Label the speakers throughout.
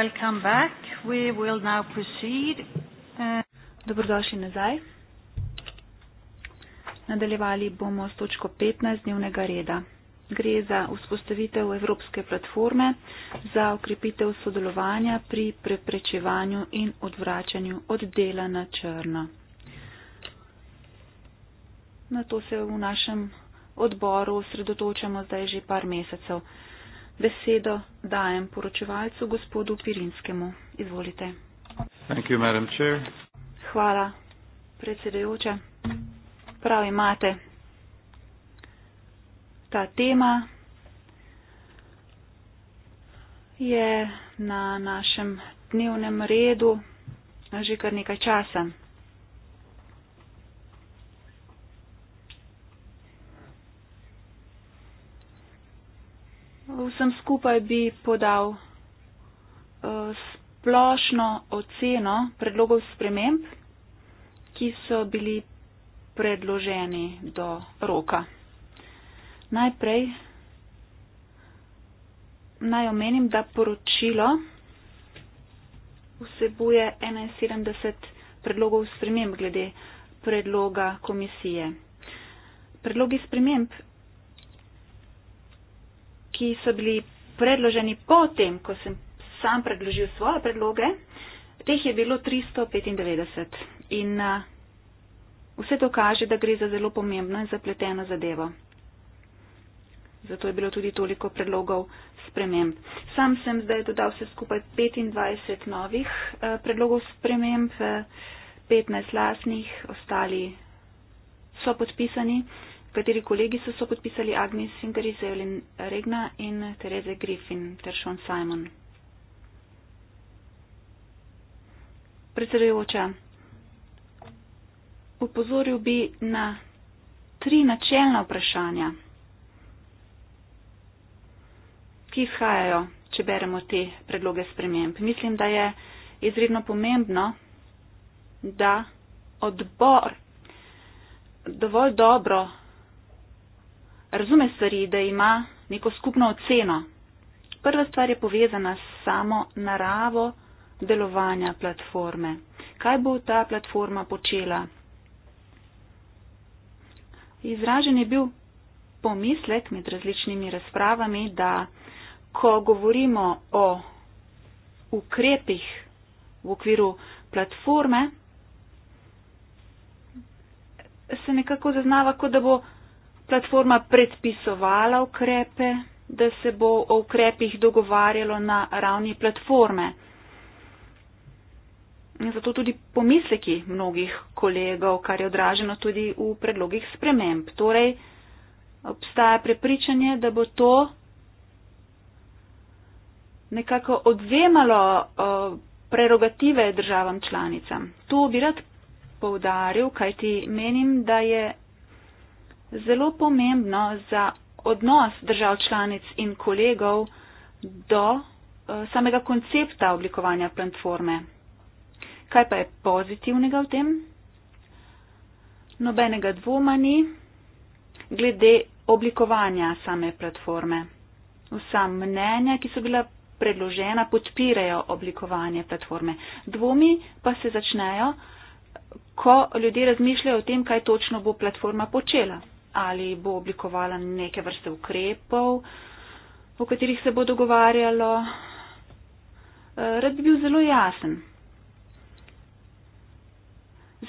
Speaker 1: Welcome back. We will now proceed.
Speaker 2: Uh, Dobrodošli nazaj. Nadaljevali bomo s točko 15 dnevnega reda. Gre za vzpostavitev Evropske platforme za ukrepitev sodelovanja pri preprečevanju in odvračanju od dela na črno. Na to se v našem odboru osredotočamo zdaj že par mesecev. Besedo dajem poročevalcu gospodu Pirinskemu. Izvolite.
Speaker 3: You,
Speaker 2: Hvala, predsedajoče. Prav imate. Ta tema je na našem dnevnem redu že kar nekaj časa. vsem skupaj bi podal eh, splošno oceno predlogov sprememb, ki so bili predloženi do roka. Najprej naj omenim, da poročilo vsebuje 71 predlogov sprememb glede predloga komisije. Predlogi sprememb ki so bili predloženi potem, ko sem sam predložil svoje predloge, teh je bilo 395. In vse to kaže, da gre za zelo pomembno in zapleteno zadevo. Zato je bilo tudi toliko predlogov sprememb. Sam sem zdaj dodal vse skupaj 25 novih predlogov sprememb, 15 lasnih, ostali so podpisani kateri kolegi so sopodpisali Agnes Sinteris, Evelyn Regna in Tereze Griffin ter Sean Simon. Predsedujoča, upozoril bi na tri načelna vprašanja, ki izhajajo, če beremo te predloge sprememb. Mislim, da je izredno pomembno, da odbor dovolj dobro razume stvari, da ima neko skupno oceno. Prva stvar je povezana s samo naravo delovanja platforme. Kaj bo ta platforma počela? Izražen je bil pomislek med različnimi razpravami, da ko govorimo o ukrepih v okviru platforme, se nekako zaznava, kot da bo platforma predpisovala ukrepe, da se bo o ukrepih dogovarjalo na ravni platforme. In zato tudi pomisleki mnogih kolegov, kar je odraženo tudi v predlogih sprememb. Torej, obstaja prepričanje, da bo to nekako odzemalo prerogative državam članicam. To bi rad poudaril, kajti menim, da je zelo pomembno za odnos držav članic in kolegov do eh, samega koncepta oblikovanja platforme. Kaj pa je pozitivnega v tem? Nobenega dvoma ni glede oblikovanja same platforme. Vsa mnenja, ki so bila predložena, podpirajo oblikovanje platforme. Dvomi pa se začnejo, ko ljudje razmišljajo o tem, kaj točno bo platforma počela ali bo oblikovala neke vrste ukrepov, o katerih se bo dogovarjalo. Eh, rad bi bil zelo jasen.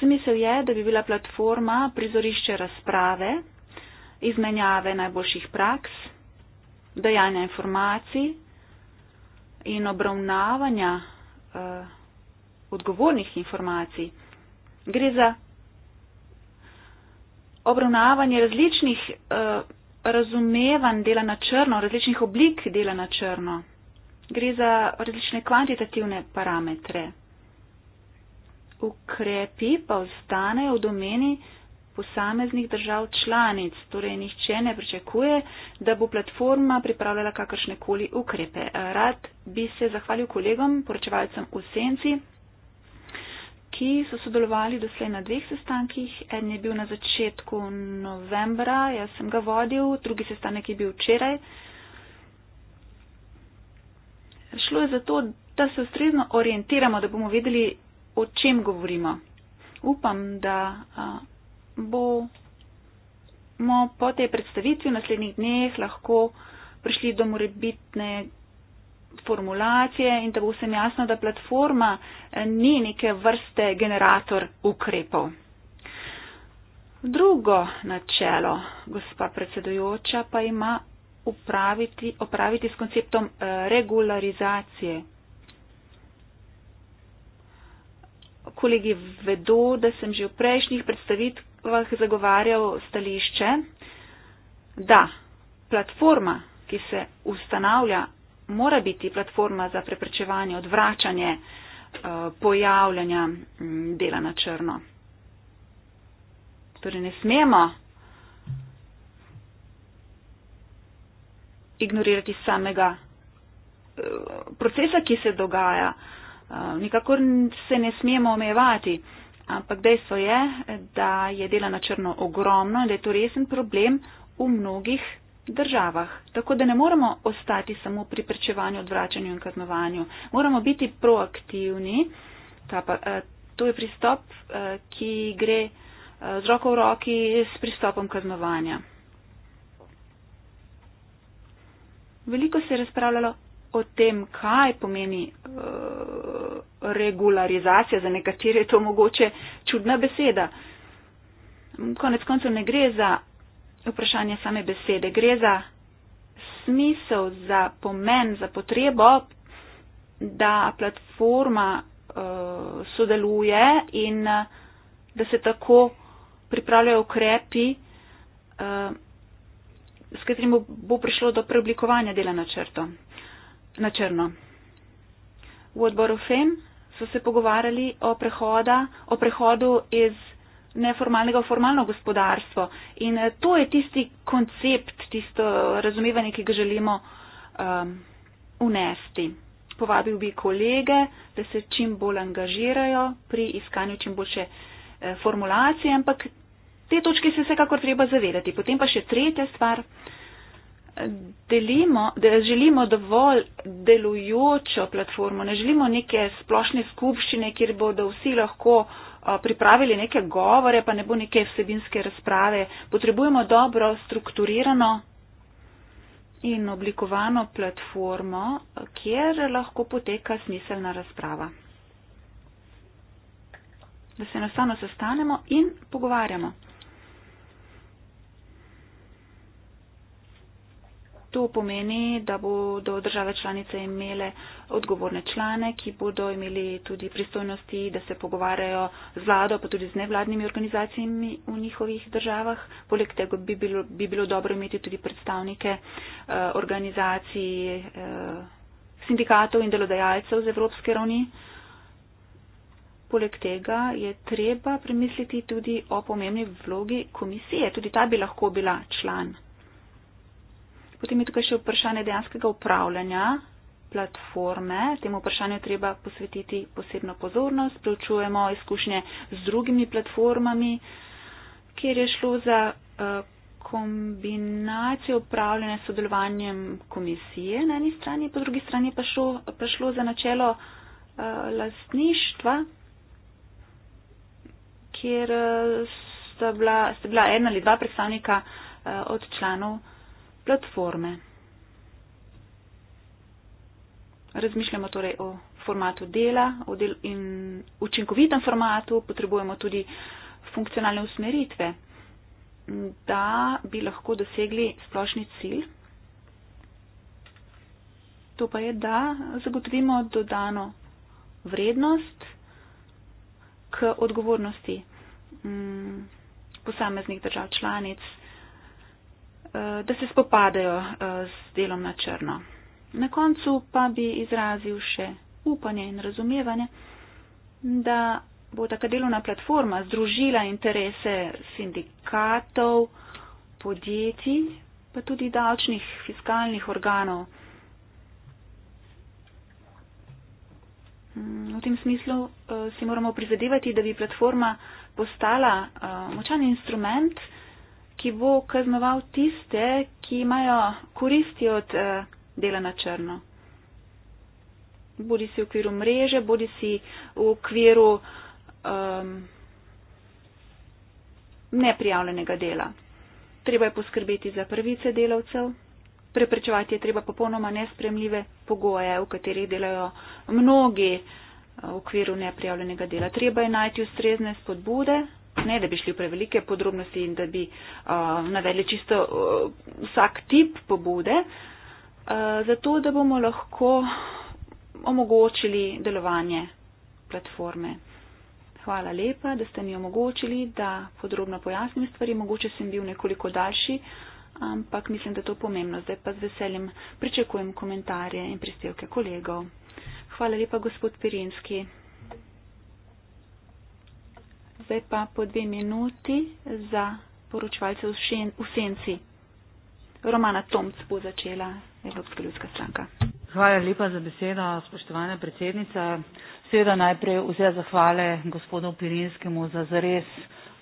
Speaker 2: Zamisel je, da bi bila platforma prizorišče razprave, izmenjave najboljših praks, dajanja informacij in obravnavanja eh, odgovornih informacij. Gre za obravnavanje različnih uh, razumevanj dela na črno, različnih oblik dela na črno. Gre za različne kvantitativne parametre. Ukrepi pa ostanejo v domeni posameznih držav članic, torej nihče ne pričakuje, da bo platforma pripravljala kakršne koli ukrepe. Rad bi se zahvalil kolegom, poročevalcem v senci, ki so sodelovali doslej na dveh sestankih. En je bil na začetku novembra, jaz sem ga vodil, drugi sestanek je bil včeraj. Šlo je za to, da se ustrezno orientiramo, da bomo vedeli, o čem govorimo. Upam, da bomo po tej predstavitvi v naslednjih dneh lahko prišli do morebitne formulacije in da bo vsem jasno, da platforma eh, ni neke vrste generator ukrepov. Drugo načelo, gospa predsedujoča, pa ima upraviti, opraviti s konceptom eh, regularizacije. Kolegi vedo, da sem že v prejšnjih predstavitvah zagovarjal stališče, da platforma, ki se ustanavlja mora biti platforma za preprečevanje, odvračanje eh, pojavljanja mm, dela na črno. Torej ne smemo ignorirati samega eh, procesa, ki se dogaja. Eh, nikakor se ne smemo omejevati, ampak dejstvo je, da je dela na črno ogromno in da je to resen problem v mnogih državah. Tako da ne moramo ostati samo pri prečevanju, odvračanju in kaznovanju. Moramo biti proaktivni. Pa, eh, to je pristop, eh, ki gre eh, z roko v roki s pristopom kaznovanja. Veliko se je razpravljalo o tem, kaj pomeni uh, regularizacija. Za nekatere je to mogoče čudna beseda. Konec koncev ne gre za vprašanje same besede. Gre za smisel, za pomen, za potrebo, da platforma uh, sodeluje in uh, da se tako pripravljajo ukrepi, uh, s katerim bo, bo prišlo do preoblikovanja dela na, črto, na črno. V odboru FEM so se pogovarjali o, prehoda, o prehodu iz neformalnega v formalno gospodarstvo. In eh, to je tisti koncept, tisto razumevanje, ki ga želimo um, unesti. Povabil bi kolege, da se čim bolj angažirajo pri iskanju čim boljše eh, formulacije, ampak te točke se vsekakor treba zavedati. Potem pa še tretja stvar. Delimo, da želimo dovolj delujočo platformo, ne želimo neke splošne skupščine, kjer bodo vsi lahko eh, pripravili neke govore, pa ne bo neke vsebinske razprave. Potrebujemo dobro strukturirano in oblikovano platformo, kjer lahko poteka smiselna razprava. Da se enostavno sestanemo in pogovarjamo. To pomeni, da bodo države članice imele odgovorne člane, ki bodo imeli tudi pristojnosti, da se pogovarjajo z vlado, pa tudi z nevladnimi organizacijami v njihovih državah. Poleg tega bi bilo, bi bilo dobro imeti tudi predstavnike eh, organizacij, eh, sindikatov in delodajalcev z evropske ravni. Poleg tega je treba premisliti tudi o pomembni vlogi komisije. Tudi ta bi lahko bila član. Potem je tukaj še vprašanje dejanskega upravljanja platforme. Temu vprašanju treba posvetiti posebno pozornost. Preučujemo izkušnje z drugimi platformami, kjer je šlo za eh, kombinacijo upravljanja s sodelovanjem komisije na eni strani, po drugi strani pa šlo, pa šlo za načelo eh, lastništva, kjer eh, sta bila, sta bila ena ali dva predstavnika od članov platforme. Razmišljamo torej o formatu dela o del in učinkovitem formatu, potrebujemo tudi funkcionalne usmeritve, da bi lahko dosegli splošni cilj. To pa je, da zagotovimo dodano vrednost k odgovornosti mm, posameznih držav članic. Eh, da se spopadajo s eh, delom na črno. Na koncu pa bi izrazil še upanje in razumevanje, da bo taka delovna platforma združila interese sindikatov, podjetij, pa tudi davčnih fiskalnih organov. Mm, v tem smislu eh, si moramo prizadevati, da bi platforma postala močan instrument, ki bo kaznoval tiste, ki imajo koristi od eh, dela na črno. Bodi si v okviru mreže, bodi si v okviru um, neprijavljenega dela. Treba je poskrbeti za pravice delavcev, preprečevati je treba popolnoma nespremljive pogoje, v katerih delajo mnogi eh, v okviru neprijavljenega dela. Treba je najti ustrezne spodbude ne da bi šli v prevelike podrobnosti in da bi uh, navedli čisto uh, vsak tip pobude, uh, zato da bomo lahko omogočili delovanje platforme. Hvala lepa, da ste mi omogočili, da podrobno pojasnim stvari. Mogoče sem bil nekoliko daljši, ampak mislim, da to je pomembno. Zdaj pa z veseljem pričakujem komentarje in prispevke kolegov. Hvala lepa, gospod Pirinski zdaj pa po dve minuti za poročevalce v, šen, v senci. Romana Tomc bo začela
Speaker 1: Evropska ljudska stranka. Hvala lepa za besedo, spoštovana predsednica. Seveda najprej vse zahvale gospodu Pirinskemu za zares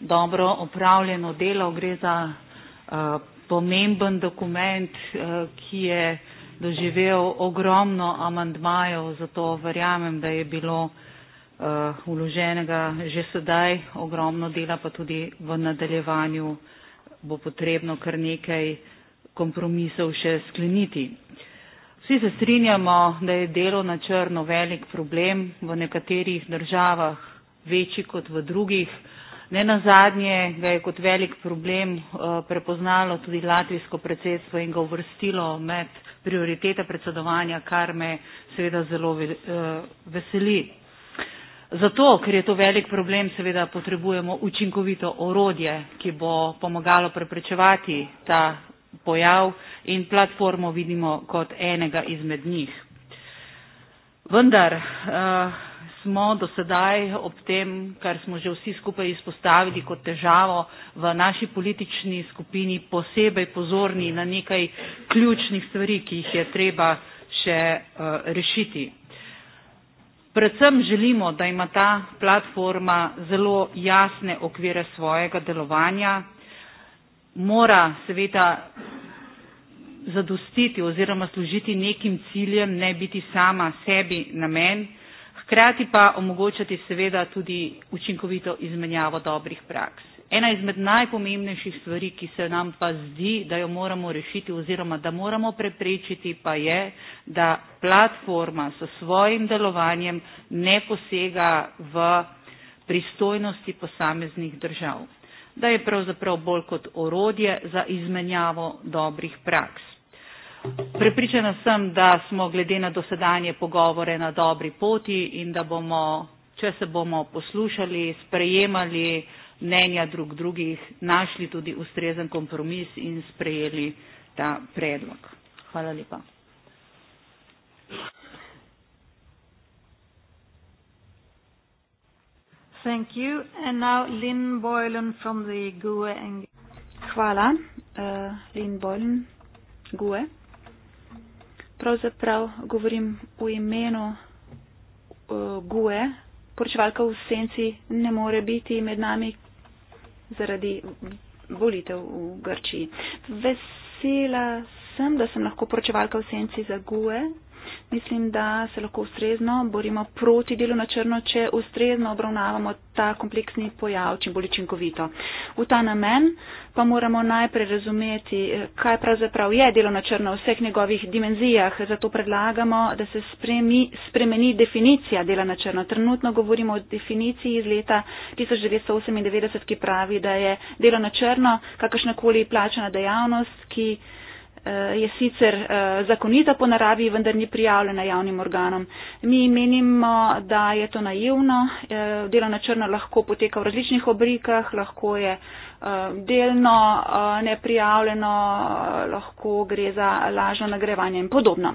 Speaker 1: dobro opravljeno delo. Gre za uh, pomemben dokument, uh, ki je doživel ogromno amandmajev, zato verjamem, da je bilo uh, Eh, vloženega že sedaj, ogromno dela pa tudi v nadaljevanju bo potrebno kar nekaj kompromisov še skleniti. Vsi se strinjamo, da je delo na črno velik problem v nekaterih državah večji kot v drugih. Ne na zadnje ga je kot velik problem eh, prepoznalo tudi latvijsko predsedstvo in ga uvrstilo med prioritete predsedovanja, kar me seveda zelo eh, veseli. Zato, ker je to velik problem, seveda potrebujemo učinkovito orodje, ki bo pomagalo preprečevati ta pojav in platformo vidimo kot enega izmed njih. Vendar uh, smo do sedaj ob tem, kar smo že vsi skupaj izpostavili kot težavo, v naši politični skupini posebej pozorni na nekaj ključnih stvari, ki jih je treba še uh, rešiti. Predvsem želimo, da ima ta platforma zelo jasne okvire svojega delovanja, mora seveda zadostiti oziroma služiti nekim ciljem, ne biti sama sebi namen, hkrati pa omogočati seveda tudi učinkovito izmenjavo dobrih praks ena izmed najpomembnejših stvari, ki se nam pa zdi, da jo moramo rešiti oziroma da moramo preprečiti, pa je, da platforma s svojim delovanjem ne posega v pristojnosti posameznih držav, da je pravzaprav bolj kot orodje za izmenjavo dobrih praks. Prepričana sem, da smo glede na dosedanje pogovore na dobri poti in da bomo, če se bomo poslušali, sprejemali, mnenja drug drugih našli tudi ustrezen kompromis in sprejeli ta predlog. Hvala lepa. Thank
Speaker 2: you. And now Lynn Boylan from the GUE. Hvala. Uh, Lynn Boylan, GUE. Pravzaprav govorim v imenu uh, GUE. Poročevalka v senci ne more biti med nami, zaradi volitev v Grčiji. Vesela sem, da sem lahko poročevalka v senci za GUE, mislim, da se lahko ustrezno borimo proti delu na črno, če ustrezno obravnavamo ta kompleksni pojav čim bolj učinkovito. V ta namen pa moramo najprej razumeti, eh, kaj pravzaprav je delo na črno v vseh njegovih dimenzijah. Zato predlagamo, da se spremi, spremeni definicija dela na črno. Trenutno govorimo o definiciji iz leta 1998, ki pravi, da je delo na črno kakršnakoli plačana dejavnost, ki Eh, je sicer eh, zakonita po naravi, vendar ni prijavljena javnim organom. Mi menimo, da je to naivno. Eh, delo na črno lahko poteka v različnih oblikah, lahko je delno neprijavljeno, lahko gre za lažno nagrevanje in podobno.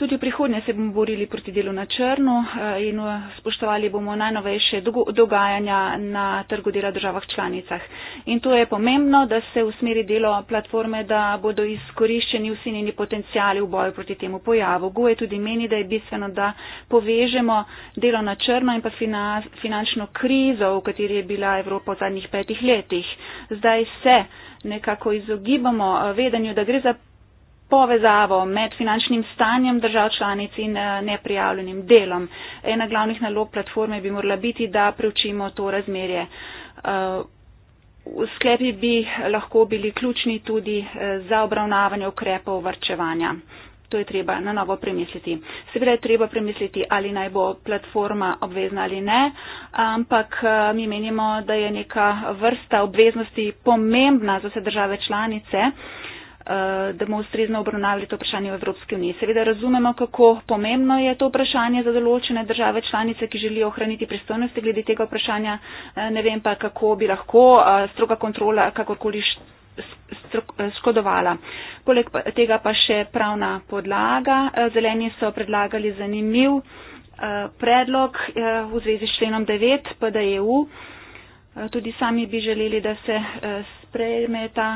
Speaker 2: Tudi prihodnje se bomo borili proti delu na črnu eh, in eh, spoštovali bomo najnovejše dogajanja na trgu dela državah članicah. In to je pomembno, da se usmeri delo platforme, da bodo izkoriščeni vsi njeni potencijali v boju proti temu pojavu. Goje tudi meni, da je bistveno, da povežemo delo na črno in pa finančno krizo, v kateri je bila Evropa v zadnjih petih letih. Zdaj se nekako izogibamo eh, vedenju, da gre za povezavo med finančnim stanjem držav članic in eh, neprijavljenim delom. Ena glavnih nalog platforme bi morala biti, da preučimo to razmerje. Eh, sklepi bi lahko bili ključni tudi eh, za obravnavanje ukrepov vrčevanja. To je treba na novo premisliti. Seveda je treba premisliti, ali naj bo platforma obvezna ali ne, ampak mi menimo, da je neka vrsta obveznosti pomembna za vse države članice. Uh, Eh, da bomo ustrezno obravnavali to vprašanje v Evropski uniji. Seveda razumemo, kako pomembno je to vprašanje za določene države članice, ki želijo ohraniti pristojnosti glede tega vprašanja. Eh, ne vem pa, kako bi lahko eh, stroga kontrola kakorkoli škodovala. Poleg tega pa še pravna podlaga. Zeleni so predlagali zanimiv predlog v zvezi s členom 9 PDEU. Tudi sami bi želeli, da se sprejme ta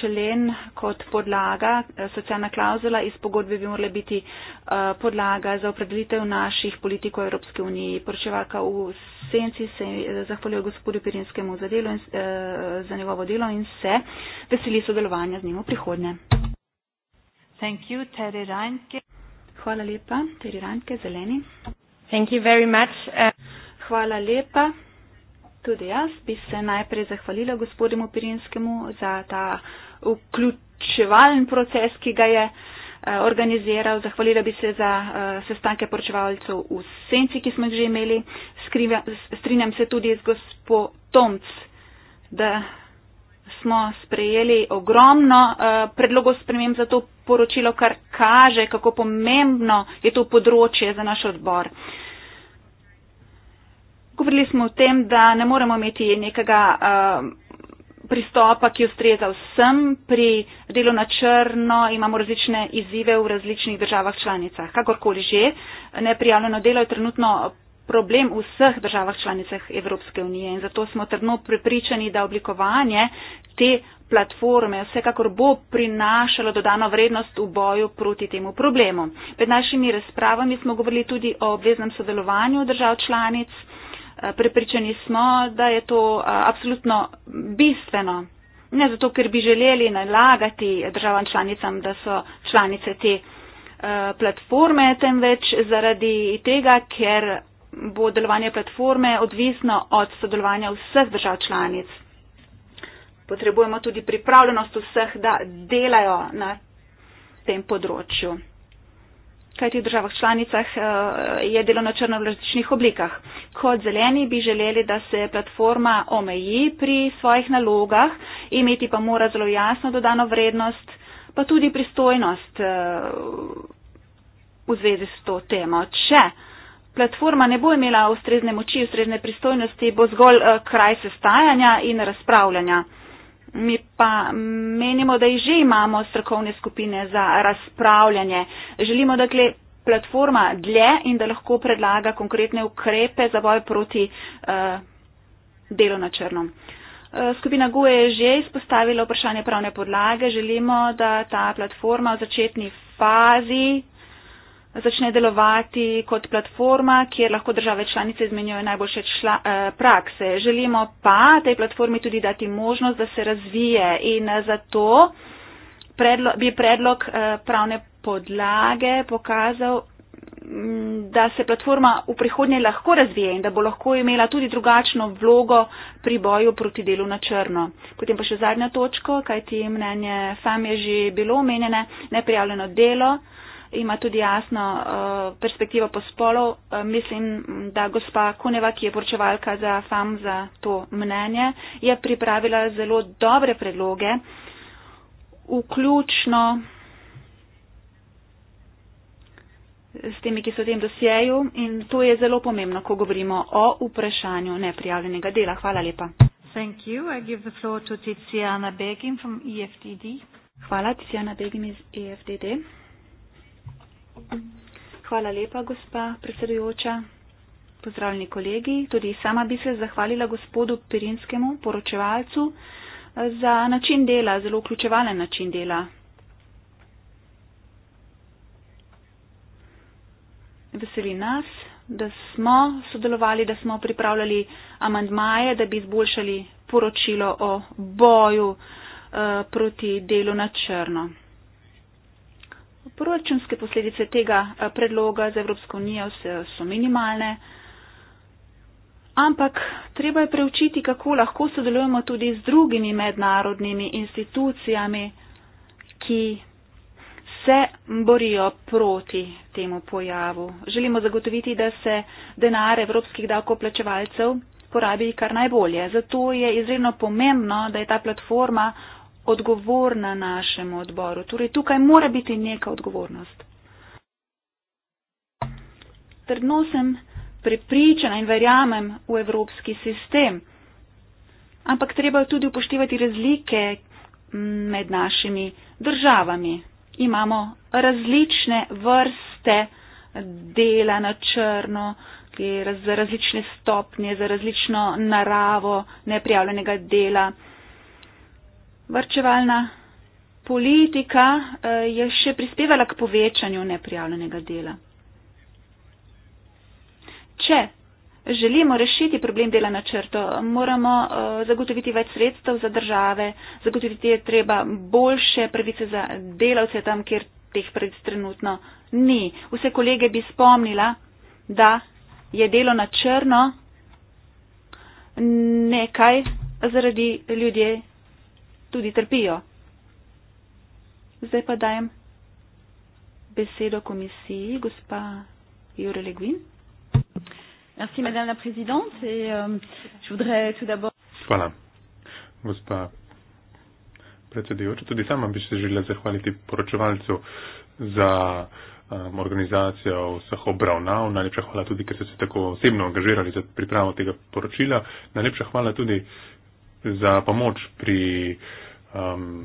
Speaker 2: člen kot podlaga, eh, socialna klauzula iz pogodbe bi morala biti eh, podlaga za opredelitev naših politikov Evropske unije. Poročevalka v senci se eh, zahvaljuje gospodu Pirinskemu za, delo in, za njegovo delo in se veseli sodelovanja z njim v prihodnje. Thank you, Terry Reinke. Hvala lepa, Terry Reinke, zeleni. Thank you very much. Uh, Hvala lepa. Tudi jaz bi se najprej zahvalila gospodinu Pirinskemu za ta uh, vključevalen proces, ki ga je eh, organiziral. Zahvalila bi se za eh, sestanke poročevalcev v senci, ki smo jih že imeli. Strinjam se tudi z gospo Tomc, da smo sprejeli ogromno eh, predlogov sprememb za to poročilo, kar kaže, kako pomembno je to področje za naš odbor. Govorili smo o tem, da ne moremo imeti nekega uh, pristopa, ki ustreza vsem pri delu na črno, imamo različne izzive v različnih državah članicah. Kakorkoli že, neprijavljeno delo je trenutno problem v vseh državah članicah Evropske unije in zato smo trdno prepričani, da oblikovanje te platforme vsekakor bo prinašalo dodano vrednost v boju proti temu problemu. Med našimi razpravami smo govorili tudi o obveznem sodelovanju držav članic. Eh, prepričani smo, da je to eh, absolutno bistveno. Ne zato, ker bi želeli nalagati državam članicam, da so članice te eh, platforme, temveč zaradi tega, ker bo delovanje platforme odvisno od sodelovanja vseh držav članic. Potrebujemo tudi pripravljenost vseh, da delajo na tem področju kajti v državah članicah eh, je delo na črno v različnih oblikah. Kot zeleni bi želeli, da se platforma omeji pri svojih nalogah, imeti pa mora zelo jasno dodano vrednost, pa tudi pristojnost eh, v zvezi s to temo. Če platforma ne bo imela ustrezne moči, ustrezne pristojnosti, bo zgolj eh, kraj sestajanja in razpravljanja. Mi pa menimo, da že imamo strokovne skupine za razpravljanje. Želimo, da gre platforma dlje in da lahko predlaga konkretne ukrepe za boj proti uh, delu na črnom. Eh, skupina GUE je že izpostavila vprašanje pravne podlage. Želimo, da ta platforma v začetni fazi začne delovati kot platforma, kjer lahko države članice izmenjujejo najboljše čla, eh, prakse. Želimo pa tej platformi tudi dati možnost, da se razvije in eh, zato predlo, bi predlog eh, pravne podlage pokazal, mm, da se platforma v prihodnje lahko razvije in da bo lahko imela tudi drugačno vlogo pri boju proti delu na črno. Potem pa še zadnja točka, kaj ti mnenje FAM je že bilo omenjene, neprijavljeno delo ima tudi jasno uh, perspektivo po spolu. Uh, eh, mislim, da gospa Kuneva, ki je poročevalka za FAM za to mnenje, je pripravila zelo dobre predloge, vključno s temi, ki so v tem dosjeju in to je zelo pomembno, ko govorimo o vprašanju neprijavljenega dela. Hvala lepa.
Speaker 1: Thank you. I give the floor to Tiziana Begin
Speaker 2: from EFTD. Hvala, Tiziana Begin iz EFTD. Hvala lepa, gospa predsedujoča. Pozdravljeni kolegi. Tudi sama bi se zahvalila gospodu Pirinskemu, poročevalcu, za način dela, zelo vključevalen način dela. Veseli nas, da smo sodelovali, da smo pripravljali amandmaje, da bi izboljšali poročilo o boju uh, proti delu na črno. Proračunske posledice tega eh, predloga za Evropsko unijo so minimalne, ampak treba je preučiti, kako lahko sodelujemo tudi z drugimi mednarodnimi institucijami, ki se borijo proti temu pojavu. Želimo zagotoviti, da se denar evropskih davkoplačevalcev porabi kar najbolje. Zato je izredno pomembno, da je ta platforma odgovorna našemu odboru. Torej, tukaj mora biti neka odgovornost. Trdno sem prepričana in verjamem v evropski sistem, ampak treba tudi upoštevati razlike med našimi državami. Imamo različne vrste dela na črno, za različne stopnje, za različno naravo neprijavljenega dela varčevalna politika eh, je še prispevala k povečanju neprijavljenega dela. Če želimo rešiti problem dela na črto, moramo eh, zagotoviti več sredstev za države, zagotoviti je treba boljše pravice za delavce tam, kjer teh pravic trenutno ni. Vse kolege bi spomnila, da je delo na črno nekaj, zaradi ljudje, tudi trpijo. Zdaj pa dajem besedo komisiji, gospa Jure Legvin. Merci, madame la présidente. Et,
Speaker 1: euh, je voudrais tout d'abord.
Speaker 4: Hvala, gospa predsedujoča. Tudi sama bi se želela zahvaliti poročevalcu za um, organizacijo vseh obravnav. Najlepša hvala tudi, ker ste se tako osebno angažirali za pripravo tega poročila. Najlepša hvala tudi, za pomoč pri um,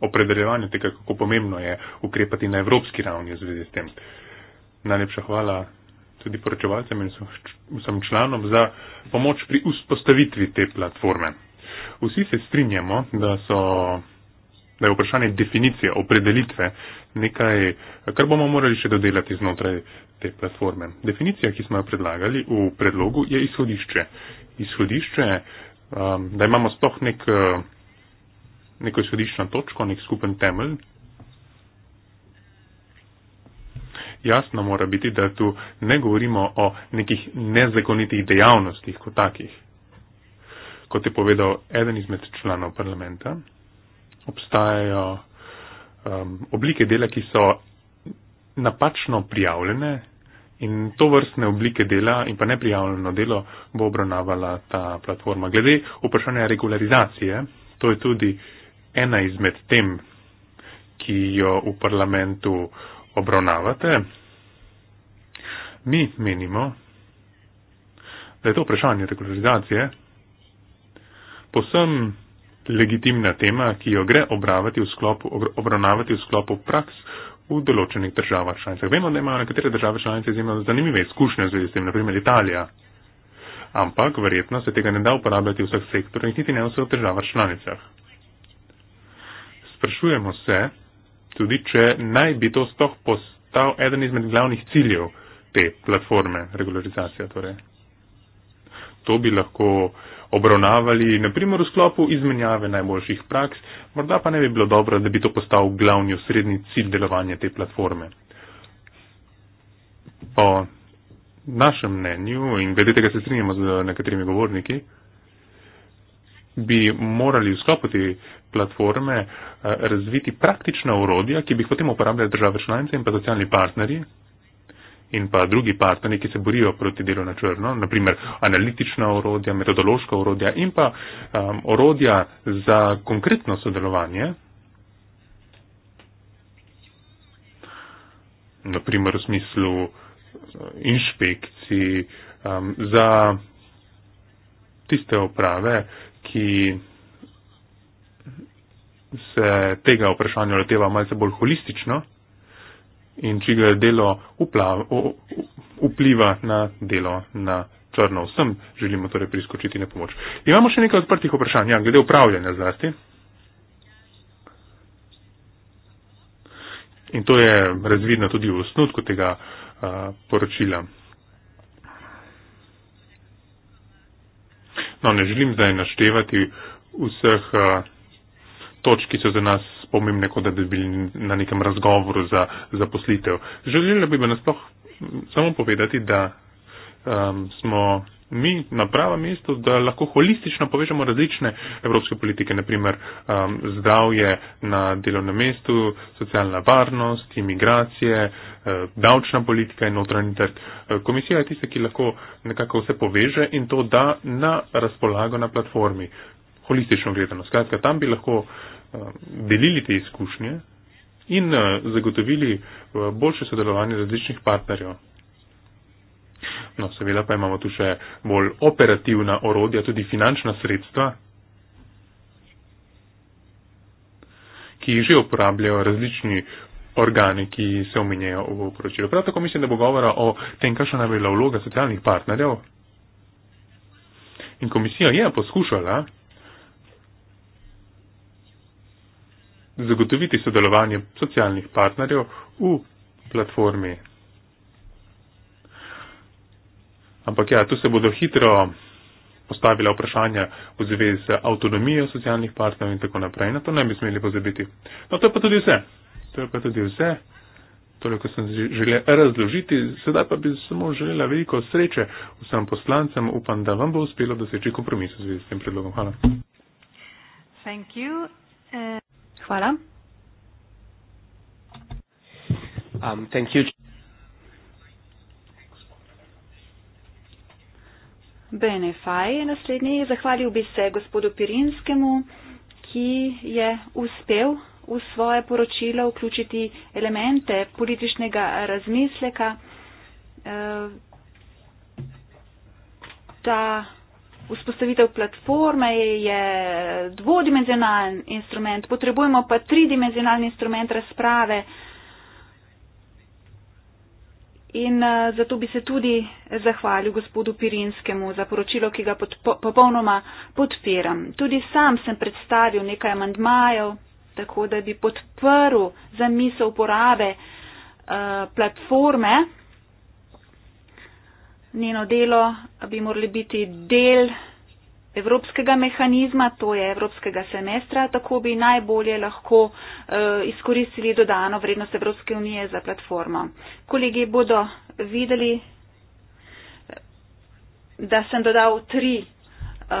Speaker 4: opredeljevanju tega, kako pomembno je ukrepati na evropski ravni v zvezi s tem. Najlepša hvala tudi poročevalcem in vsem članom za pomoč pri vzpostavitvi te platforme. Vsi se strinjamo, da, so, da je vprašanje definicije, opredelitve nekaj, kar bomo morali še dodelati znotraj te platforme. Definicija, ki smo jo predlagali v predlogu, je izhodišče izhodišče, um, da imamo sploh nek, uh, neko izhodiščno točko, nek skupen temelj. Jasno mora biti, da tu ne govorimo o nekih nezakonitih dejavnostih kot takih. Kot je povedal eden izmed članov parlamenta, obstajajo um, oblike dela, ki so napačno prijavljene, In to vrstne oblike dela in pa neprijavljeno delo bo obravnavala ta platforma. Glede vprašanja regularizacije, to je tudi ena izmed tem, ki jo v parlamentu obravnavate. Mi menimo, da je to vprašanje regularizacije posem legitimna tema, ki jo gre obravnavati v sklopu, obravnavati v sklopu praks v določenih državah članicah. Vemo, da imajo nekatere države članice izjemno zanimive izkušnje z tem, naprimer Italija. Ampak verjetno se tega ne da uporabljati v vseh sektorjih, niti ne v vseh državah članicah. Sprašujemo se, tudi če naj bi to stoh postal eden izmed glavnih ciljev te platforme regularizacije. Torej. To bi lahko uh, obravnavali, naprimer v sklopu izmenjave najboljših praks, morda pa ne bi bilo dobro, da bi to postal glavni osrednji cilj delovanja te platforme. Po našem mnenju, in glede tega se strinjamo z nekaterimi govorniki, bi morali v sklopu te platforme eh, razviti praktična urodja, ki bi jih potem uporabljali države članice in pa socialni partnerji, in pa drugi partneri, ki se borijo proti delu na črno, naprimer analitična orodja, metodološka orodja in pa um, orodja za konkretno sodelovanje, naprimer v smislu uh, inšpekcij, um, za tiste uprave, ki se tega vprašanja loteva malce bolj holistično, in čigar delo uplav, vpliva na delo na črno. Vsem želimo torej priskočiti na pomoč. Imamo še nekaj odprtih vprašanj, ja, glede upravljanja zlasti. In to je razvidno tudi v osnutku tega uh, poročila. No, ne želim zdaj naštevati vseh uh, točk, ki so za nas pomembne, kot da bi bili na nekem razgovoru za zaposlitev. Želela bi vam nasploh samo povedati, da um, smo mi na pravem mestu, da lahko holistično povežemo različne evropske politike, naprimer um, zdravje na delovnem mestu, socialna varnost, imigracije, uh, davčna politika in notranji trg. Uh, komisija je tista, ki lahko nekako vse poveže in to da na razpolago na platformi. Holistično gledano. Skratka, tam bi lahko uh, delili te izkušnje in eh, zagotovili eh, boljše sodelovanje različnih partnerjev. No, seveda pa imamo tu še bolj operativna orodja, tudi finančna sredstva, ki že uporabljajo različni organi, ki se omenjajo v poročilu. Prav tako mislim, da bo govora o tem, kakšna je bila vloga socialnih partnerjev. In komisija je poskušala zagotoviti sodelovanje socialnih partnerjev v platformi. Ampak ja, tu se bodo hitro postavila vprašanja v zvezi z avtonomijo socialnih partnerjev in tako naprej. Na to ne bi smeli pozabiti. No, to je pa tudi vse. To je pa tudi vse. Toliko sem želela razložiti. Sedaj pa bi samo želela veliko sreče vsem poslancem. Upam, da vam bo uspelo doseči kompromis v zvezi s tem predlogom. Hvala.
Speaker 1: Thank you. Uh... Hvala.
Speaker 2: Um, thank you. BNFI je naslednji. Zahvalil bi se gospodu Pirinskemu, ki je uspel v svoje poročilo vključiti elemente političnega razmisleka. Uh, vzpostavitev platforme je dvodimenzionalen instrument, potrebujemo pa tridimenzionalen instrument razprave. In eh, zato bi se tudi zahvalil gospodu Pirinskemu za poročilo, ki ga pod, po, popolnoma podpiram. Tudi sam sem predstavil nekaj amandmajev, tako da bi podprl zamisel uporabe uh, platforme njeno delo bi morali biti del evropskega mehanizma, to je evropskega semestra, tako bi najbolje lahko uh, izkoristili dodano vrednost Evropske unije za platformo. Kolegi bodo videli, da sem dodal tri uh,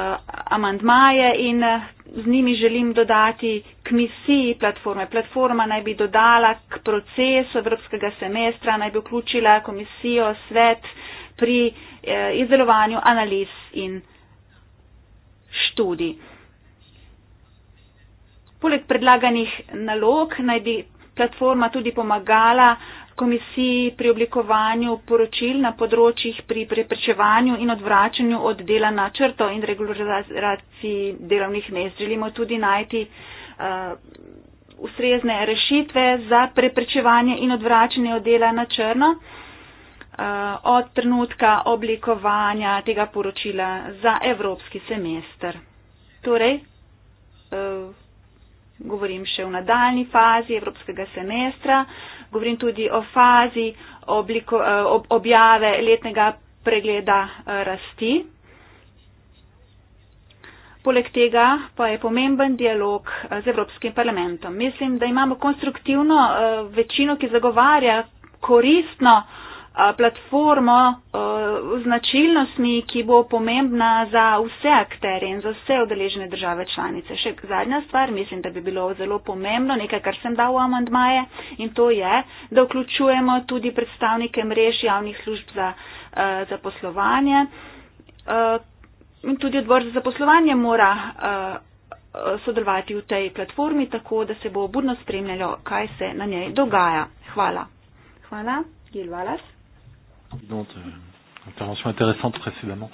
Speaker 2: amandmaje in uh, z njimi želim dodati k misiji platforme. Platforma naj bi dodala k procesu evropskega semestra, naj bi vključila komisijo, svet, uh, pri eh, izdelovanju analiz in študij. Poleg predlaganih nalog naj bi platforma tudi pomagala komisiji pri oblikovanju poročil na področjih pri preprečevanju in odvračanju od dela na črto in regularizaciji delovnih mest. Želimo tudi najti uh, ustrezne rešitve za preprečevanje in odvračanje od dela na črno. Uh, Eh, od trenutka oblikovanja tega poročila za evropski semester. Torej, eh, govorim še o nadaljni fazi evropskega semestra, govorim tudi o fazi obliko, eh, ob, objave letnega pregleda rasti. Poleg tega pa je pomemben dialog z Evropskim parlamentom. Mislim, da imamo konstruktivno večino, ki zagovarja koristno uh, platformo uh, značilnostmi, ki bo pomembna za vse akterje in za vse odeležene države članice. Še zadnja stvar, mislim, da bi bilo zelo pomembno, nekaj, kar sem dal v amandmaje in to je, da vključujemo tudi predstavnike mrež javnih služb za, uh, za poslovanje. Uh, tudi odbor za zaposlovanje mora uh, sodelovati v tej platformi, tako da se bo budno spremljalo, kaj se na njej dogaja. Hvala. Hvala. Gil Valas
Speaker 4: présidente. Intervention intéressante précédemment.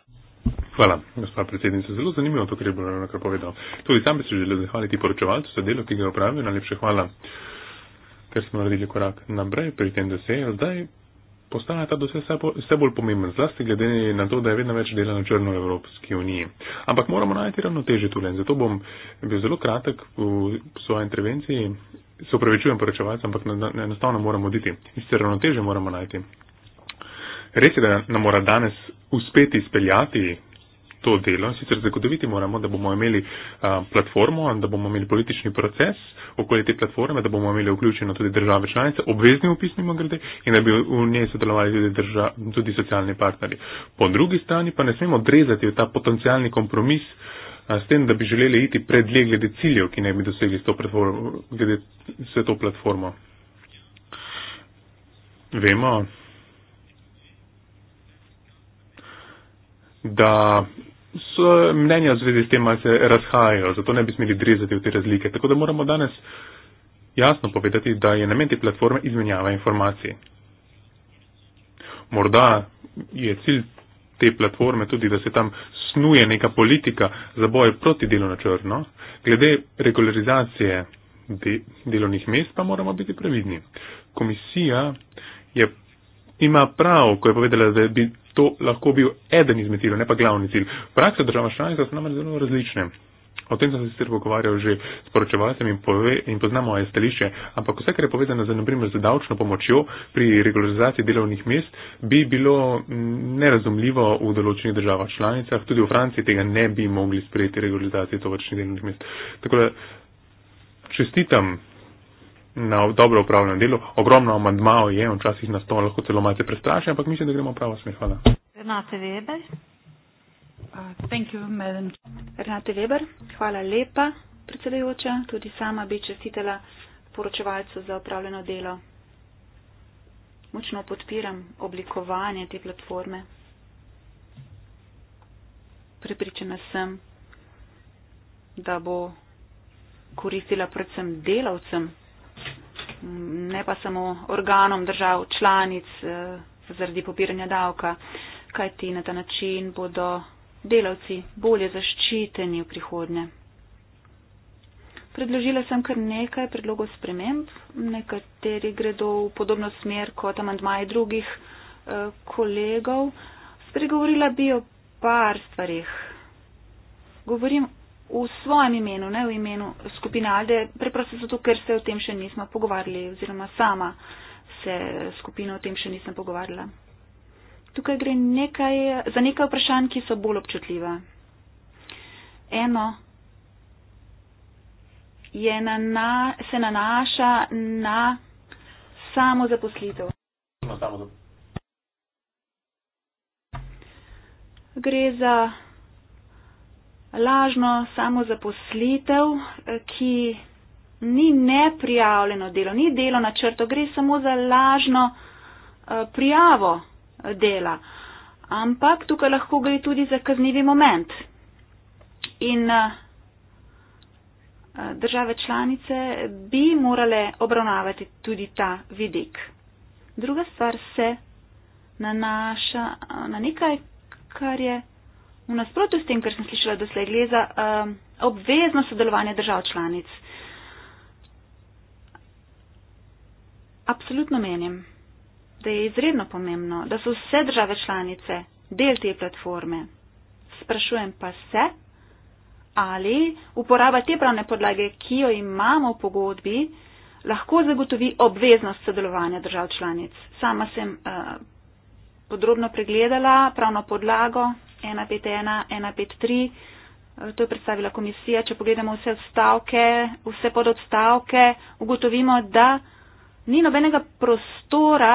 Speaker 4: Voilà, gospa predsednica, zelo zanimivo to, kar je bilo ravno kar povedal. Tudi sam bi se želel zahvaliti poročevalcu za delo, ki ga opravijo. Najlepša hvala, ker smo naredili korak naprej pri tem dosejo. Zdaj postaja ta dosej vse bolj pomemben, zlasti glede na to, da je vedno več dela na črno Evropski uniji. Ampak moramo najti ravnoteže tule in zato bom bil zelo kratek v svoji intervenciji. Se upravičujem poročevalcu, ampak enostavno moramo oditi. Iste ravnoteže moramo najti. Res je, da nam mora danes uspeti izpeljati to delo, sicer zagotoviti moramo, da bomo imeli a, platformo in da bomo imeli politični proces okoli te platforme, da bomo imeli vključeno tudi države članice, obvezni upisni mogrede in da bi v njej sodelovali tudi, drža, tudi socialni partnerji. Po drugi strani pa ne smemo odrezati v ta potencialni kompromis a, s tem, da bi želeli iti predle glede ciljev, ki ne bi dosegli s to platformo. Vemo, da so mnenja v zvezi s tem malce razhajajo, zato ne bi smeli drezati v te razlike. Tako da moramo danes jasno povedati, da je namen te platforme izmenjava informacij. Morda je cilj te platforme tudi, da se tam snuje neka politika za boj proti delu na črno. Glede regularizacije de delovnih mest pa moramo biti previdni. Komisija je, ima prav, ko je povedala, da bi to lahko bil eden izmed ciljev, ne pa glavni cilj. Praksa država članica so namreč zelo različne. O tem sem se sicer pogovarjal že s poročevalcem in, in poznamo moje stališče, ampak vse, kar je povezano za, naprimer, z davčno pomočjo pri regularizaciji delovnih mest, bi bilo nerazumljivo v določenih državah članicah, tudi v Franciji tega ne bi mogli sprejeti regularizacije tovrčnih delovnih mest. Tako da čestitam na dobro upravljenem delu. Ogromno amandmajev je, včasih nas to lahko celo malce prestraši, ampak mislim, da gremo v pravo smer. Hvala.
Speaker 1: Renate Weber.
Speaker 2: Uh, thank you, madam. Renate Weber, hvala lepa, predsedujoča. Tudi sama bi čestitela poročevalcu za upravljeno delo. Močno podpiram oblikovanje te platforme. Prepričana sem, da bo koristila predvsem delavcem ne pa samo organom držav članic eh, zaradi popiranja davka, kajti na ta način bodo delavci bolje zaščiteni v prihodnje. Predložila sem kar nekaj predlogov sprememb, nekateri gredo v podobno smer kot amandmaji drugih eh, kolegov. Spregovorila bi o par stvarih. Govorim v svojem imenu, ne v imenu skupine Alde, preprosto zato, ker se o tem še nismo pogovarjali oziroma sama se skupina o tem še nisem pogovarjala. Tukaj gre nekaj, za nekaj vprašanj, ki so bolj občutljiva. Eno je na, na, se nanaša na samo zaposlitev. Gre za lažno samozaposlitev, eh, ki ni neprijavljeno delo, ni delo na črto, gre samo za lažno eh, prijavo eh, dela. Ampak tukaj lahko gre tudi za kaznivi moment. In države članice bi morale obravnavati tudi ta vidik. Druga stvar se nanaša na nekaj, kar je v nasprotju s tem, kar sem slišala doslej, gre za um, obvezno sodelovanje držav članic. Absolutno menim, da je izredno pomembno, da so vse države članice del te platforme. Sprašujem pa se, ali uporaba te pravne podlage, ki jo imamo v pogodbi, lahko zagotovi obveznost sodelovanja držav članic. Sama sem uh, podrobno pregledala pravno podlago, 151-153, to je predstavila komisija. Če pogledamo vse odstavke, vse pododstavke, ugotovimo, da ni nobenega prostora,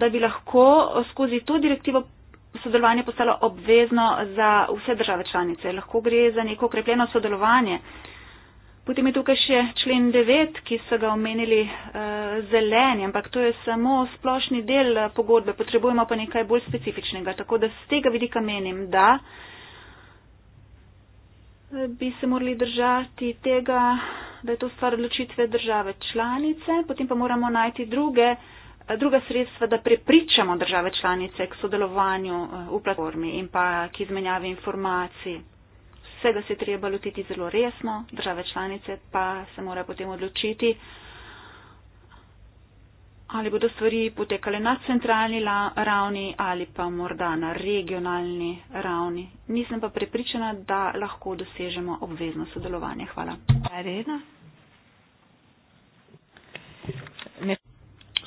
Speaker 2: da bi lahko skozi to direktivo sodelovanje postalo obvezno za vse države članice. Lahko gre za neko okrepljeno sodelovanje. Potem je tukaj še člen 9, ki so ga omenili uh, zeleni, ampak to je samo splošni del eh, pogodbe, potrebujemo pa nekaj bolj specifičnega. Tako da z tega vidika menim, da eh, bi se morali držati tega, da je to stvar odločitve države članice, potem pa moramo najti druge, druga sredstva, da prepričamo države članice k sodelovanju v platformi in pa k izmenjavi informacij vsega se je treba lotiti zelo resno, države članice pa se morajo potem odločiti, ali bodo stvari potekale na centralni ravni ali pa morda na regionalni ravni. Nisem pa prepričana, da lahko dosežemo obvezno sodelovanje. Hvala.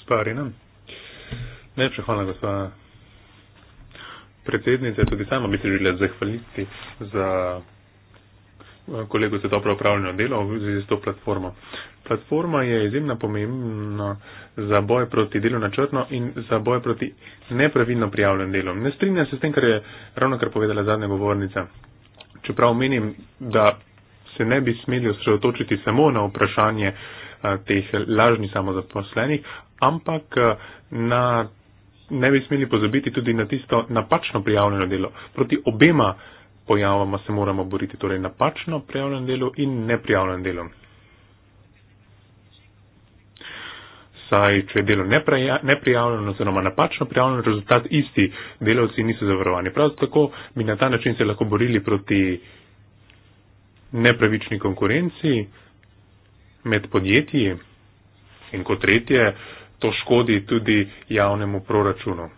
Speaker 4: Sparina. Najprej hvala, gospa predsednica. Tudi sama bi se želela zahvaliti za kolegu za dobro upravljeno delo v zvezi s to platformo. Platforma je izjemno pomembna za boj proti delu na črno in za boj proti nepravilno prijavljenim delom. Ne strinjam se s tem, kar je ravno kar povedala zadnja govornica. Čeprav menim, da se ne bi smeli osredotočiti samo na vprašanje eh, teh lažnih samozaposlenih, ampak eh, na, ne bi smeli pozabiti tudi na tisto napačno prijavljeno delo proti obema pojavama se moramo boriti, torej napačno prijavljenem delu in neprijavljenem delu. Saj, če je delo neprijavljeno oziroma napačno prijavljeno, rezultat isti, delavci niso zavarovani. Prav tako bi na ta način se lahko borili proti nepravični konkurenci med podjetji in kot tretje, to škodi tudi javnemu proračunu.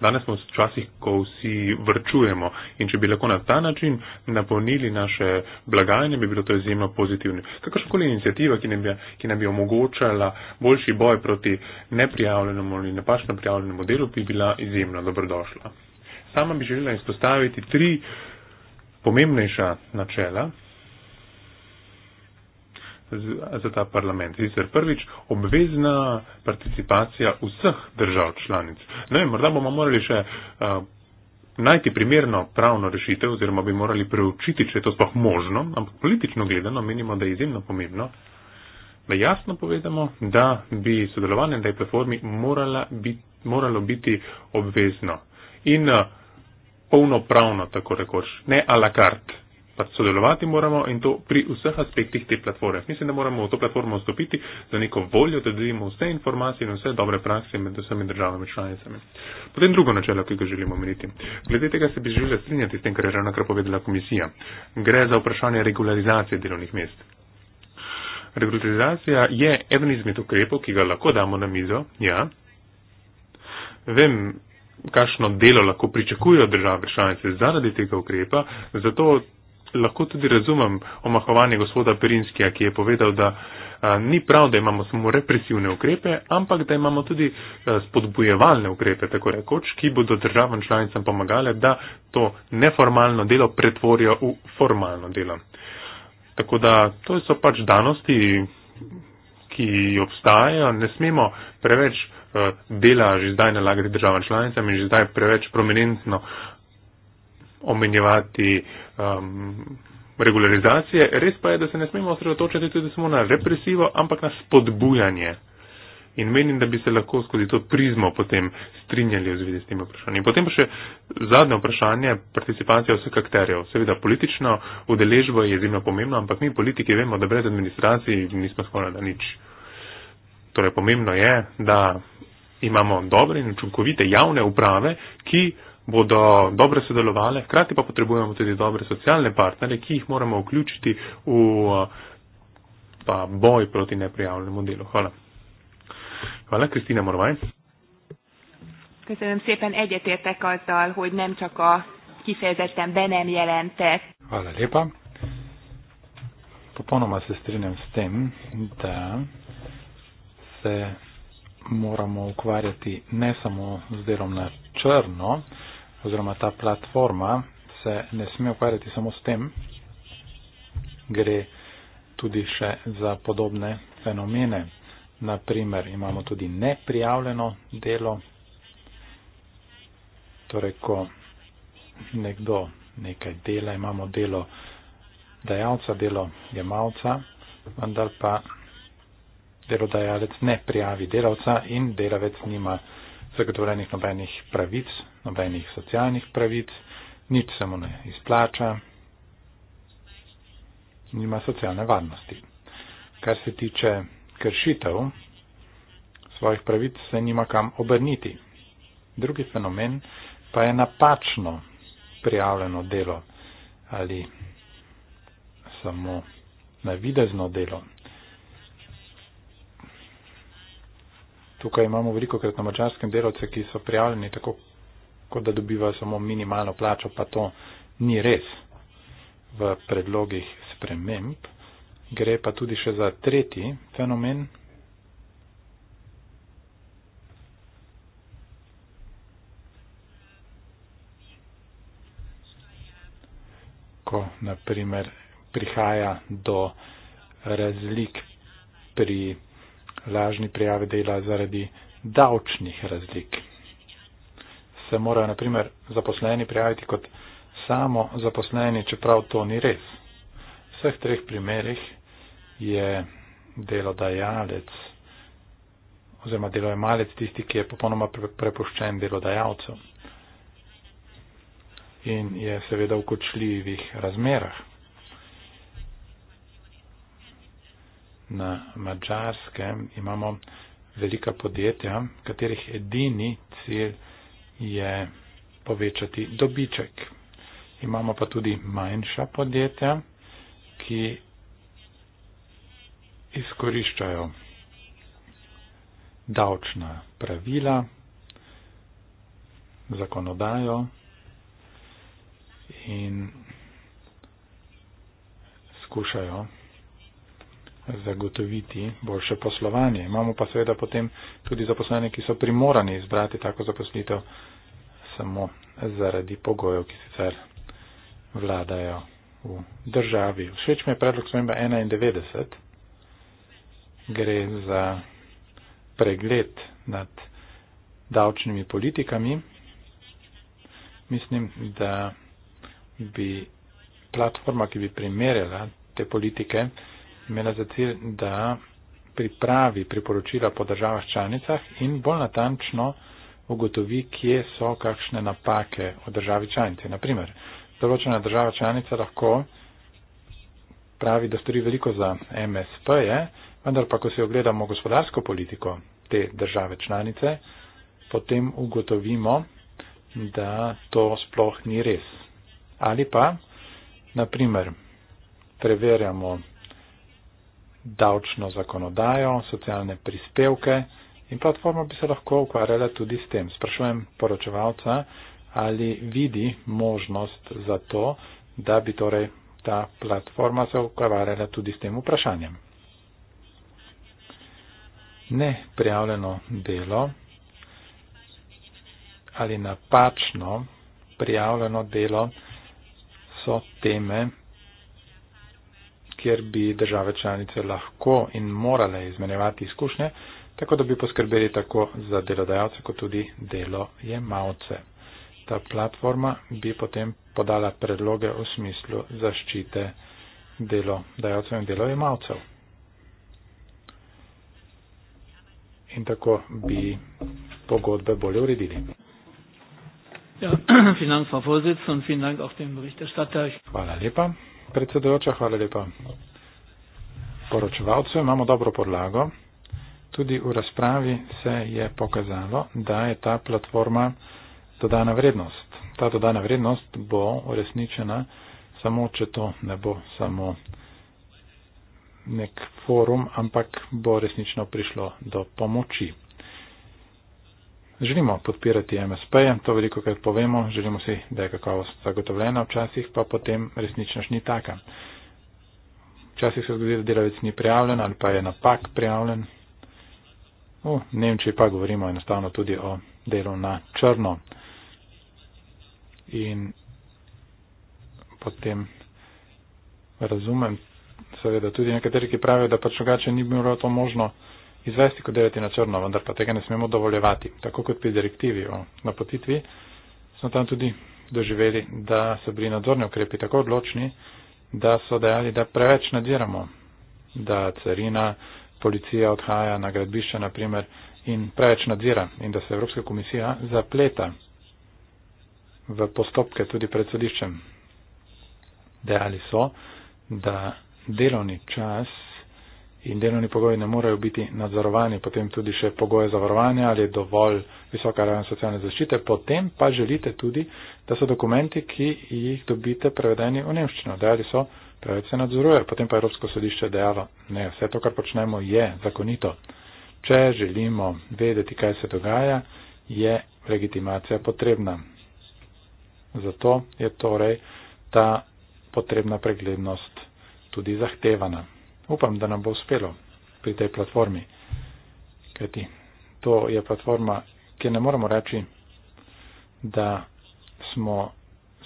Speaker 4: Danes smo včasih, ko vsi vrčujemo in če bi lahko na ta način napolnili naše blagajne, bi bilo to izjemno pozitivno. Kakršnakoli inicijativa, ki nam, bi, ki nam bi omogočala boljši boj proti neprijavljenemu ali napačno prijavljenemu delu, bi bila izjemno dobrodošla. Sama bi želela izpostaviti tri pomembnejša načela, za ta parlament. Sicer prvič obvezna participacija vseh držav članic. Ne, morda bomo morali še uh, najti primerno pravno rešitev oziroma bi morali preučiti, če je to sploh možno, ampak politično gledano menimo, da je izjemno pomembno, da jasno povedamo, da bi sodelovanje na tej platformi bit, moralo biti obvezno in uh, polnopravno, tako rekoč, ne a la carte pač sodelovati moramo in to pri vseh aspektih te platforme. Mislim, da moramo v to platformo vstopiti za neko voljo, da delimo vse informacije in vse dobre prakse med vsemi državami članicami. Potem drugo načelo, ki ga želimo omeniti. Glede tega se bi želela strinjati s tem, kar je ravno kar povedala komisija. Gre za vprašanje regularizacije delovnih mest. Regularizacija je eden izmed ukrepov, ki ga lahko damo na mizo. Ja. Vem, kakšno delo lahko pričakujejo države članice zaradi tega ukrepa, zato lahko tudi razumem omahovanje gospoda Perinskija, ki je povedal, da ni prav, da imamo samo represivne ukrepe, ampak da imamo tudi spodbujevalne ukrepe, tako rekoč, ki bodo državam članicam pomagale, da to neformalno delo pretvorijo v formalno delo. Tako da to so pač danosti, ki obstajajo. Ne smemo preveč dela že zdaj nalagati državam članicam in že zdaj preveč prominentno uh, omenjevati um, regularizacije, res pa je, da se ne smemo osredotočati tudi samo na represivo, ampak na spodbujanje. In menim, da bi se lahko skozi to prizmo potem strinjali v zvezi s tem vprašanjem. Potem pa še zadnje vprašanje, participacija vseh akterjev. Seveda, politično udeležbo je izjemno pomembno, ampak mi politiki vemo, da brez administracij nismo skoraj da nič. Torej, pomembno je, da imamo dobre in učinkovite javne uprave, ki bodo dobre sodelovale, hkrati pa potrebujemo tudi dobre socialne partnere, ki jih moramo vključiti v pa boj proti neprijavljenemu delu. Hvala. Hvala, Kristina Morvaj.
Speaker 2: Köszönöm szépen, egyetértek azzal, hogy nem csak a kifejezetten be nem jelentett.
Speaker 4: Hvala lépa.
Speaker 3: Popolnoma se strinjam s tem, da se moramo ukvarjati ne samo z delom na črno, oziroma ta platforma se ne sme ukvarjati samo s tem, gre tudi še za podobne fenomene. Naprimer, imamo tudi neprijavljeno delo, torej ko nekdo nekaj dela, imamo delo dajalca, delo jemalca, vendar pa delodajalec ne prijavi delavca in delavec nima zagotovljenih nobenih pravic, nobenih socialnih pravic, nič se mu ne izplača, nima socialne varnosti. Kar se tiče kršitev svojih pravic, se nima kam obrniti. Drugi fenomen pa je napačno prijavljeno delo ali samo navidezno delo. tukaj imamo veliko krat na mačarskem delavce, ki so prijavljeni tako, kot da dobivajo samo minimalno plačo, pa to ni res v predlogih sprememb. Gre pa tudi še za tretji fenomen. Ko naprimer prihaja do razlik pri lažni prijave dela zaradi davčnih razlik. Se morajo, na primer, zaposleni prijaviti kot samo zaposleni, čeprav to ni res. V vseh treh primerih je delodajalec oziroma delojemalec tisti, ki je popolnoma prepuščen delodajalcu in je seveda v kočljivih razmerah. na mačarskem imamo velika podjetja, katerih edini cilj je povečati dobiček. Imamo pa tudi manjša podjetja, ki izkoriščajo davčna pravila, zakonodajo in skušajo zagotoviti boljše poslovanje. Imamo pa seveda potem tudi zaposlene, ki so primorani izbrati tako zaposlitev samo zaradi pogojev, ki sicer vladajo v državi. Všeč mi je predlog spremembe 91. Gre za pregled nad davčnimi politikami. Mislim, da bi platforma, ki bi primerjala te politike, imela za cilj, da pripravi priporočila po državah članicah in bolj natančno ugotovi, kje so kakšne napake v državi članici. Naprimer, določena država članica lahko pravi, da stori veliko za MSP-je, vendar pa, ko si ogledamo gospodarsko politiko te države članice, potem ugotovimo, da to sploh ni res. Ali pa, naprimer, preverjamo davčno zakonodajo, socialne prispevke in platforma bi se lahko ukvarjala tudi s tem. Sprašujem poročevalca, ali vidi možnost za to, da bi torej ta platforma se ukvarjala tudi s tem vprašanjem. Ne prijavljeno delo ali napačno prijavljeno delo so teme kjer bi države članice lahko in morale izmenjevati izkušnje, tako da bi poskrbeli tako za delodajalce, kot tudi delojemalce. Ta platforma bi potem podala predloge v smislu zaščite delodajalcev in delojemalcev. In tako bi pogodbe bolje uredili.
Speaker 1: Ja,
Speaker 2: Finanz, Frau Vorsitz, und vielen Dank auch dem Berichterstatter.
Speaker 3: Hvala lepa. Predsedujoča, hvala lepa. Poročevalcu imamo dobro podlago. Tudi v razpravi se je pokazalo, da je ta platforma dodana vrednost. Ta dodana vrednost bo uresničena samo, če to ne bo samo nek forum, ampak bo resnično prišlo do pomoči. Želimo podpirati MSP-je, to veliko krat povemo, želimo si, da je kakovost zagotovljena, včasih pa potem resnično ni taka. Včasih se zgodi, da delavec ni prijavljen ali pa je napak prijavljen. V Nemčiji pa govorimo enostavno tudi o delu na črno. In potem razumem, seveda tudi nekateri, ki pravijo, da pač drugače ni bilo to možno izvesti kot deveti na črno, vendar pa tega ne smemo dovoljevati. Tako kot pri direktivi o napotitvi, smo tam tudi doživeli, da so bili nadzorni ukrepi tako odločni, da so dejali, da preveč nadziramo, da carina, policija odhaja na gradbišče, na primer, in preveč nadzira in da se Evropska komisija zapleta v postopke tudi pred sodiščem. Dejali so, da delovni čas in delovni pogoji ne morejo biti nadzorovani, potem tudi še pogoje zavarovanja ali je dovolj visoka raven socialne zaščite, potem pa želite tudi, da so dokumenti, ki jih dobite, prevedeni v nemščino, da ali so preveč se nadzorujejo. Potem pa je Evropsko sodišče dejalo, ne, vse to, kar počnemo, je zakonito. Če želimo vedeti, kaj se dogaja, je legitimacija potrebna. Zato je torej ta potrebna preglednost tudi zahtevana upam, da nam bo uspelo pri tej platformi, kajti to je platforma, kjer ne moremo reči, da smo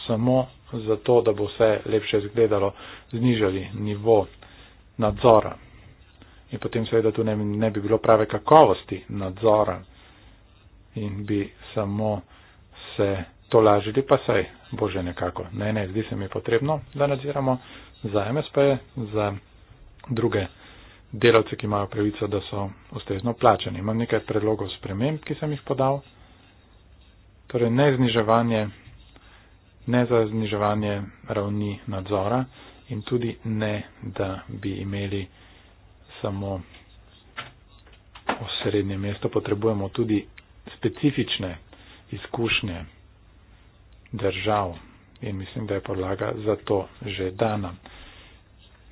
Speaker 3: samo zato, da bo vse lepše izgledalo, znižali nivo nadzora. In potem seveda tu ne, ne bi bilo prave kakovosti nadzora in bi samo se to lažili, pa saj bože nekako. Ne, ne, zdi se mi potrebno, da nadziramo za MSP, za druge delavce, ki imajo pravico, da so ustrezno plačeni. Imam nekaj predlogov sprememb, ki sem jih podal. Torej, ne zniževanje, ne za zniževanje ravni nadzora in tudi ne, da bi imeli samo osrednje mesto. Potrebujemo tudi specifične izkušnje držav in mislim, da je podlaga za to že dana.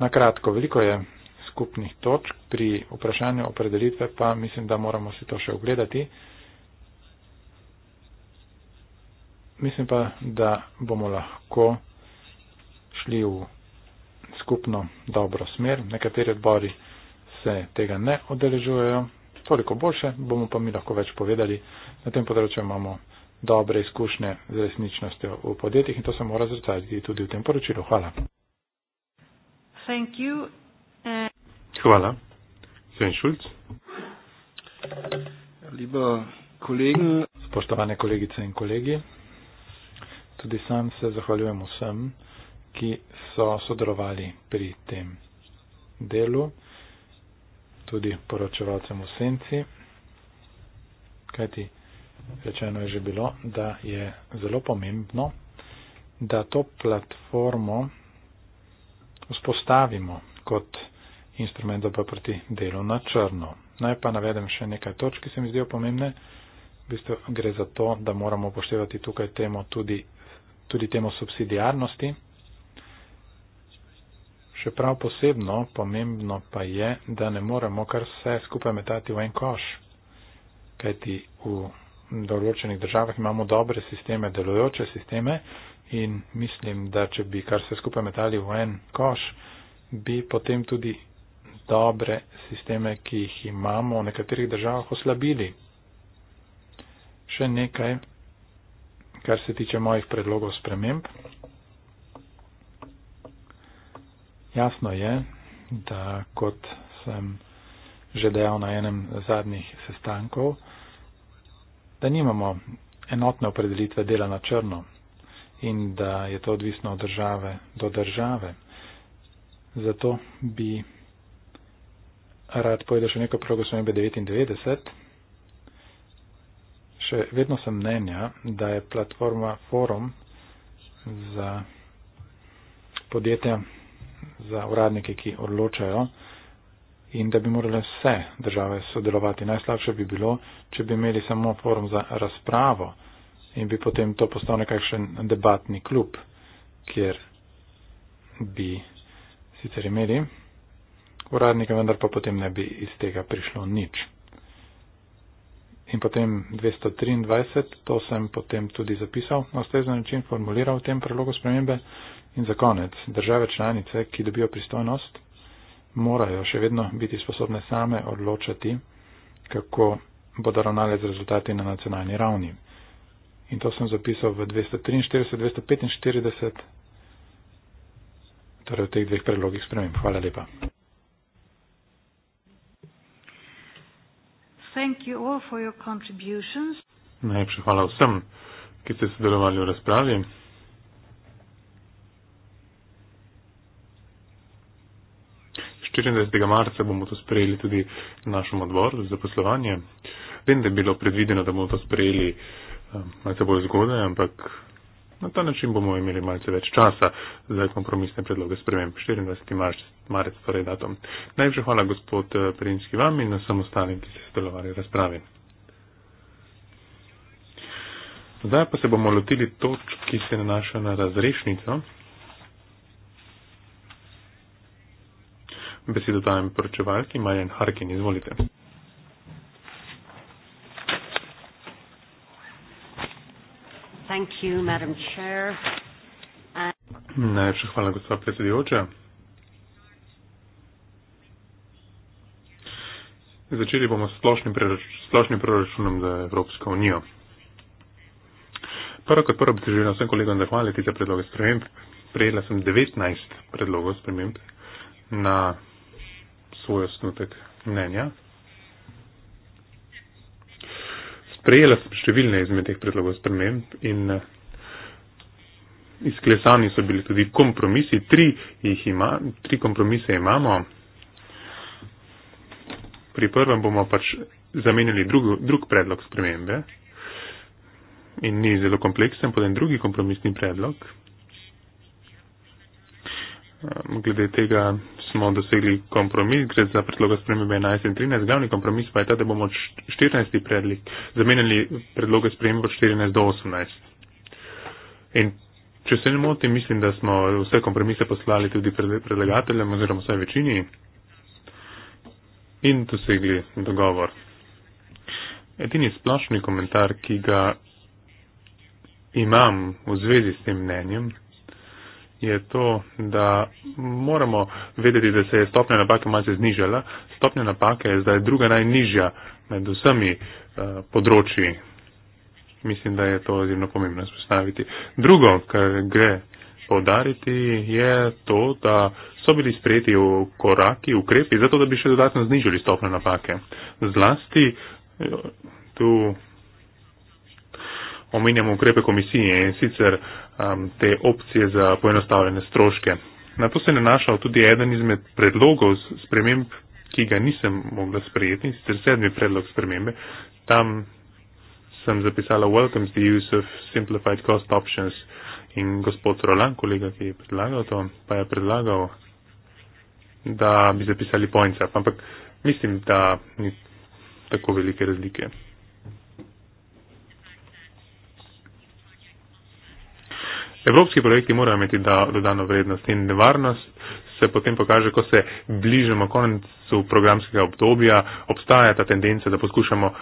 Speaker 3: Na kratko, veliko je skupnih točk, pri vprašanju opredelitve pa mislim, da moramo si to še ogledati. Mislim pa, da bomo lahko šli v skupno dobro smer. Nekateri odbori se tega ne odeležujejo, toliko boljše, bomo pa mi lahko več povedali. Na tem področju imamo dobre izkušnje z resničnostjo v podjetjih in to se mora zrcati tudi v tem poročilu. Hvala.
Speaker 1: Thank you. Uh,
Speaker 4: Hvala. Gospod Šulc.
Speaker 3: Spoštovane kolegice in kolegi, tudi sam se zahvaljujem vsem, ki so sodelovali pri tem delu, tudi poročevalcem v senci, kajti rečeno je že bilo, da je zelo pomembno, da to platformo vzpostavimo kot instrument dobro proti delu na črno. Naj pa navedem še nekaj točk, ki se mi zdijo pomembne. V bistvu gre za to, da moramo upoštevati tukaj temo tudi, tudi temo subsidijarnosti. Še prav posebno pomembno pa je, da ne moremo kar vse skupaj metati v en koš. Kajti v določenih državah imamo dobre sisteme, delujoče sisteme, in mislim, da če bi kar se skupaj metali v en koš, bi potem tudi dobre sisteme, ki jih imamo v nekaterih državah, oslabili. Še nekaj, kar se tiče mojih predlogov sprememb. Jasno je, da kot sem že dejal na enem zadnjih sestankov, da nimamo enotne opredelitve dela na črno in da je to odvisno od države do države. Zato bi rad povedal še nekaj o progu 99. Še vedno sem mnenja, da je platforma forum za podjetja, za uradnike, ki odločajo in da bi morale vse države sodelovati. Najslabše bi bilo, če bi imeli samo forum za razpravo in bi potem to postal nekakšen debatni klub, kjer bi sicer imeli uradnike, vendar pa potem ne bi iz tega prišlo nič. In potem 223, to sem potem tudi zapisal na ustrezen način, formuliral v tem prelogu spremembe. In za konec, države članice, ki dobijo pristojnost, morajo še vedno biti sposobne same odločati, kako bodo ravnale z rezultati na nacionalni ravni in to sem zapisal v 243, 245, torej v teh dveh predlogih spremem. Hvala
Speaker 4: lepa.
Speaker 1: Thank you all for your contributions.
Speaker 4: Najlepša hvala vsem, ki ste sodelovali v razpravi. marca bomo to sprejeli tudi našem odboru za poslovanje. Vem, da je bilo predvideno, da bomo to sprejeli malce bolj zgodaj, ampak na ta način bomo imeli malce več časa za kompromisne predloge sprememb. 24. marec, marec torej datum. Najlepša hvala, gospod eh, Prinski, vam in vsem ostalim, ki ste sodelovali v razpravi. Zdaj pa se bomo lotili točk, ki se nanaša na razrešnico. Besedo dajem poročevalki Marjan Harkin, izvolite.
Speaker 2: Thank you, Madam
Speaker 1: Chair.
Speaker 4: Najlepša hvala, gospa predsedujoča. Začeli bomo s splošnim, prerač, splošnim proračunom za Evropsko unijo. Prvo kot prvo bi se želela vsem kolegom zahvaliti za predloge sprememb. Prejela sem 19 predlogov sprememb na svoj osnutek mnenja. sprejela številne izmed teh predlogov sprememb in eh, izklesani so bili tudi kompromisi. Tri, jih ima, tri kompromise imamo. Pri prvem bomo pač zamenjali drug, drug predlog spremembe in ni zelo kompleksen, potem drugi kompromisni predlog. Ehm, glede tega smo dosegli kompromis, gre za predloga spremembe 11 in 13. Glavni kompromis pa je ta, da bomo 14. predlog zamenjali predloge spremembe od 14 do 18. In če se ne motim, mislim, da smo vse kompromise poslali tudi predlagateljem oziroma vsaj večini in dosegli dogovor. Edini splošni komentar, ki ga imam v zvezi s tem mnenjem, je to, da moramo vedeti, da se je stopnja napake malce znižala. Stopnja napake je zdaj druga najnižja med vsemi eh, področji. Mislim, da je to izjemno pomembno spostaviti. Drugo, kar gre povdariti, je to, da so bili sprejeti koraki, ukrepi, zato da bi še dodatno znižali stopne napake. Zlasti eh, tu omenjamo ukrepe komisije in sicer um, te opcije za poenostavljene stroške. Na to se je nanašal tudi eden izmed predlogov sprememb, ki ga nisem mogla sprejeti, in sicer sedmi predlog spremembe. Tam sem zapisala Welcome to the use of simplified cost options in gospod Roland, kolega, ki je predlagal to, pa je predlagal, da bi zapisali points up, ampak mislim, da ni tako velike razlike. Evropski projekti morajo imeti dodano vrednost in nevarnost se potem pokaže, ko se bližamo koncu programskega obdobja, obstaja ta tendenca, da poskušamo uh,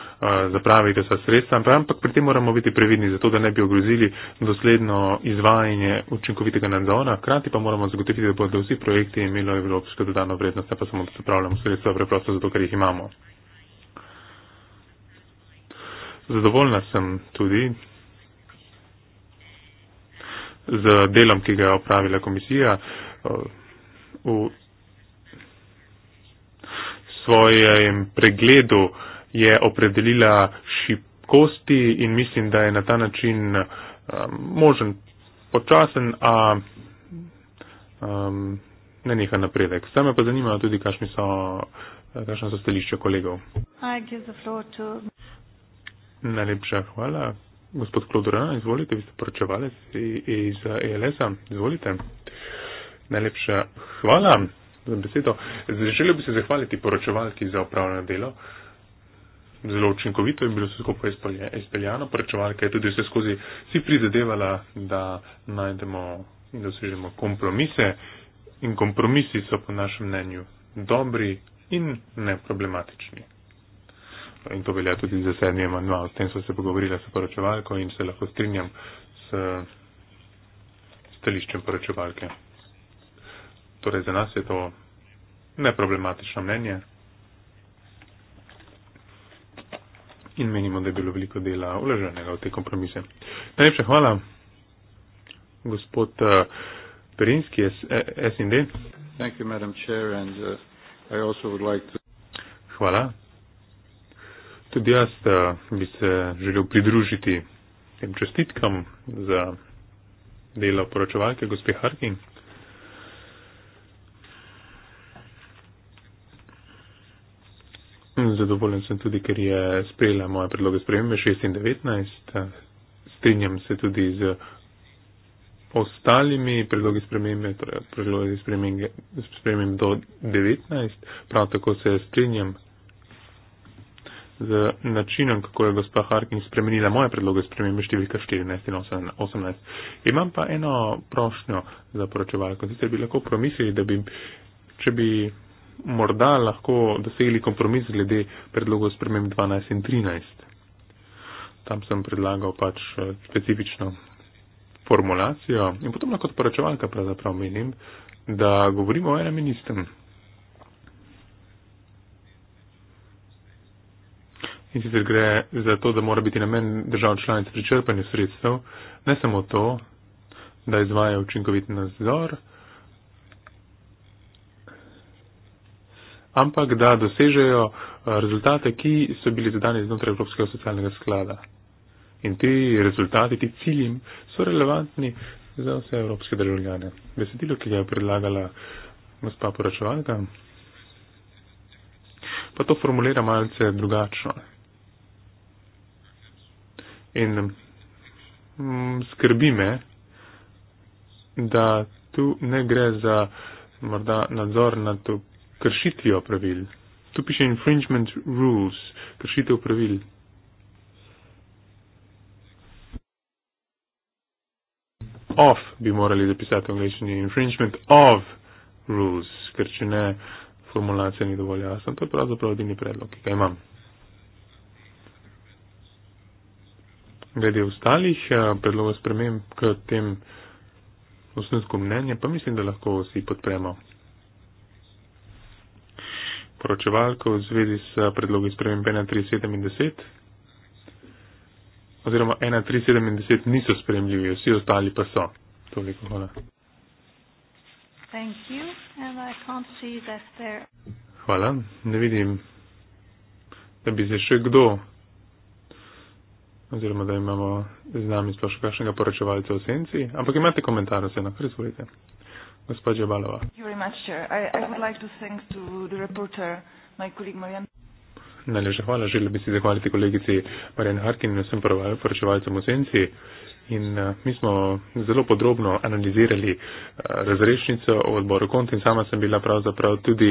Speaker 4: zapraviti vsa sredstva, ampak pri tem moramo biti previdni, zato da ne bi ogrozili dosledno izvajanje učinkovitega nadzora, hkrati pa moramo zagotoviti, da bodo vsi projekti imeli evropsko dodano vrednost, ne pa samo, da se pravljamo sredstva preprosto zato, ker jih imamo. Zadovoljna sem tudi, z delom, ki ga je opravila komisija, eh, v svojem pregledu je opredelila šibkosti in mislim, da je na ta način eh, možen počasen, a um, ne neka napredek. Same pa zanima tudi, kakšni so, eh, kakšno so stališče kolegov. Najlepša hvala. Gospod Klodora, izvolite, vi ste poročevalec iz ELS-a, izvolite. Najlepša hvala za besedo. Želel bi se zahvaliti poročevalki za upravljeno delo. Zelo učinkovito je bilo vse skupaj izpeljano. Poročevalka je tudi vse skozi si prizadevala, da najdemo in dosežemo kompromise. In kompromisi so po našem mnenju dobri in neproblematični in to velja tudi za sedmi amandma. O tem so se pogovorila s poročevalko in se lahko strinjam s stališčem poročevalke. Torej, za nas je to neproblematično mnenje in menimo, da je bilo veliko dela uleženega v te kompromise. Najlepša hvala, gospod eh, Perinski, SND. Eh, hvala. Tudi jaz uh, bi se želel pridružiti tem čestitkam za delo poročevalke gospe Harkin. Zadovoljen sem tudi, ker je sprejela moje predloge spremembe 619. Eh, strinjam se tudi z ostalimi predlogi spremembe, torej predlogi spremembe do 19. Prav tako se strinjam z načinom, kako je gospa Harkin spremenila moje predloge spremembe številka 14 in 18. Imam pa eno prošnjo za poročevalko. Sicer bi lahko promislili, da bi, če bi morda lahko dosegli kompromis glede predlogov sprememb 12 in 13. Tam sem predlagal pač eh, specifično formulacijo in potem lahko poročevalka pravzaprav menim, da govorimo o enem in istem. in sicer gre za to, da mora biti namen držav članic pri črpanju sredstev ne samo to, da izvaja učinkovit nadzor, ampak da dosežejo eh, rezultate, ki so bili zadani znotraj Evropskega socialnega sklada. In ti rezultati, ti cilji so relevantni za vse evropske državljane. Besedilo, ki ga je predlagala gospa poračevalka, pa to formulira malce drugačno in mm, skrbi me, da tu ne gre za morda nadzor nad to kršitijo pravil. Tu piše infringement rules, kršitev pravil. Of bi morali zapisati v angliščini infringement of rules, ker če ne, formulacija ni dovolj jasna. To je pravzaprav edini predlog, ki ga imam. glede ostalih eh, predlogov sprememb k tem osnovsko mnenje, pa mislim, da lahko vsi podpremo. Poročevalko v zvezi s eh, predlogi sprememb 1370 oziroma 1370 niso spremljivi, vsi ostali pa so. Toliko hvala.
Speaker 1: Thank you. And I can't see that there...
Speaker 4: Hvala. Ne vidim, da bi se še kdo oziroma da imamo z nami sploh še kakšnega poročevalca v senci, ampak imate komentar vse na prizvolite. Gospod Jabalova. Najlepša hvala. Želim bi si zahvaliti kolegici Marjan Harkin in vsem poročevalcem v senci. In uh, mi smo zelo podrobno analizirali uh, razrešnico v odboru konti in sama sem bila pravzaprav tudi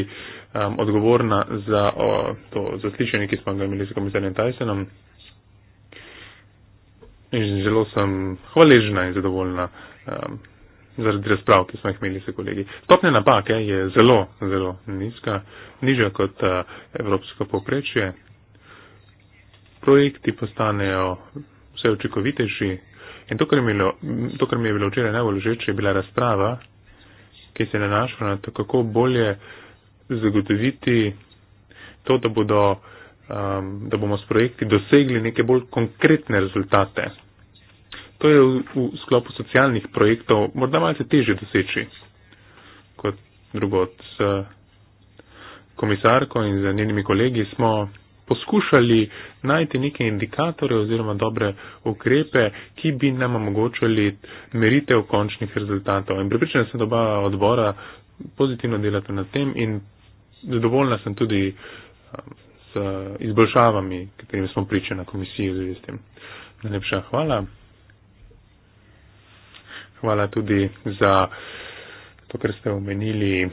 Speaker 4: um, odgovorna za o, to zaslišanje, ki smo ga imeli s komisarjem Tysonom. In zelo sem hvaležna in zadovoljna um, zaradi razprav, ki smo jih imeli se kolegi. Stopnja napake je zelo, zelo nizka, nižja kot uh, evropsko poprečje. Projekti postanejo vse očekovitejši in to kar, imelo, to, kar mi je bilo včeraj najbolj žeče, je bila razprava, ki se je nanašala na to, kako bolje zagotoviti to, da bodo um, da bomo s projekti dosegli neke bolj konkretne rezultate. To je v, v sklopu socialnih projektov morda malce teže doseči kot drugot. S eh, komisarko in z njenimi kolegi smo poskušali najti neke indikatore oziroma dobre ukrepe, ki bi nam omogočili meritev končnih rezultatov. In pripričana sem, da oba odbora pozitivno delata na tem in zadovoljna sem tudi z eh, izboljšavami, katerim smo priča na komisiji z tem. Najlepša hvala. Hvala tudi za to, kar ste omenili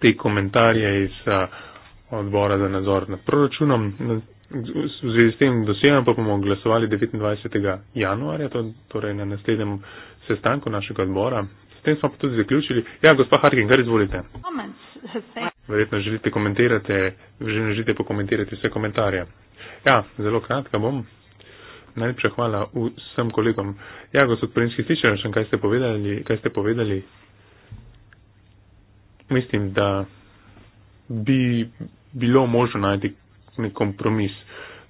Speaker 4: te komentarje iz eh, odbora za nadzor nad proračunom. V zvezi s tem dosegom pa bomo glasovali 29. januarja, to, torej na naslednjem sestanku našega odbora. S tem smo pa tudi zaključili. Ja, gospod Harkin, kar izvolite.
Speaker 2: Moment
Speaker 4: verjetno želite komentirati, verjetno želite pokomentirati vse komentarje. Ja, zelo kratka bom. Najlepša hvala vsem kolegom. Ja, gospod Prinski, slišal sem, kaj ste povedali. Kaj ste povedali. Mislim, da bi bilo možno najti nek kompromis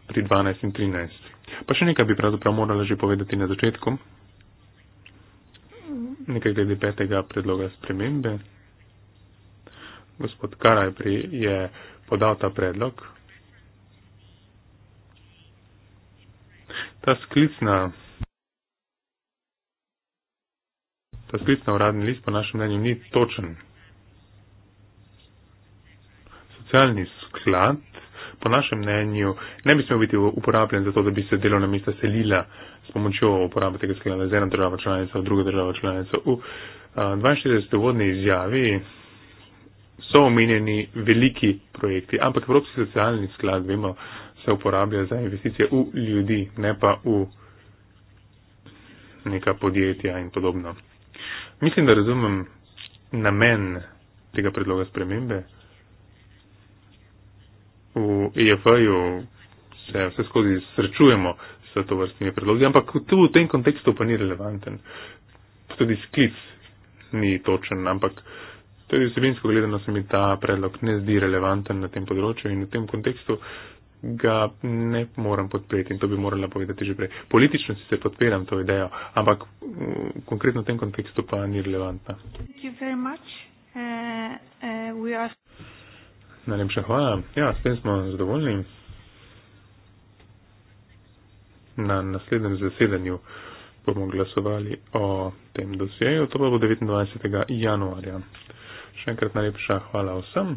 Speaker 4: pri 12 in 13. Pa še nekaj bi pravzaprav morala že povedati na začetku. Nekaj glede petega predloga spremembe gospod Karaj pri, je podal ta predlog. Ta sklicna, ta sklicna uradni list po našem mnenju ni točen. Socialni sklad po našem mnenju ne bi smel biti uporabljen za to, da bi se delovna mesta selila s pomočjo uporabe tega sklada iz ene države članice v druge države članice. V 42. uvodni izjavi so omenjeni veliki projekti, ampak Evropski socialni sklad, vemo, se uporablja za investicije v ljudi, ne pa v neka podjetja in podobno. Mislim, da razumem namen tega predloga spremembe. V EFA-ju se vse skozi srečujemo s to vrstnimi predlogi, ampak tu v tem kontekstu pa ni relevanten. Tudi sklic ni točen, ampak Tudi vsebinsko gledano se mi ta predlog ne zdi relevanten na tem področju in v tem kontekstu ga ne moram podpreti in to bi morala povedati že prej. Politično si se podpiram to idejo, ampak
Speaker 1: v
Speaker 4: konkretno v tem kontekstu pa ni relevantna.
Speaker 1: Uh,
Speaker 2: uh, are...
Speaker 4: Najlepša hvala. Ja, s tem smo zadovoljni. Na naslednjem zasedanju bomo glasovali o tem dosjeju, to pa bo 29. januarja. Še enkrat najlepša hvala vsem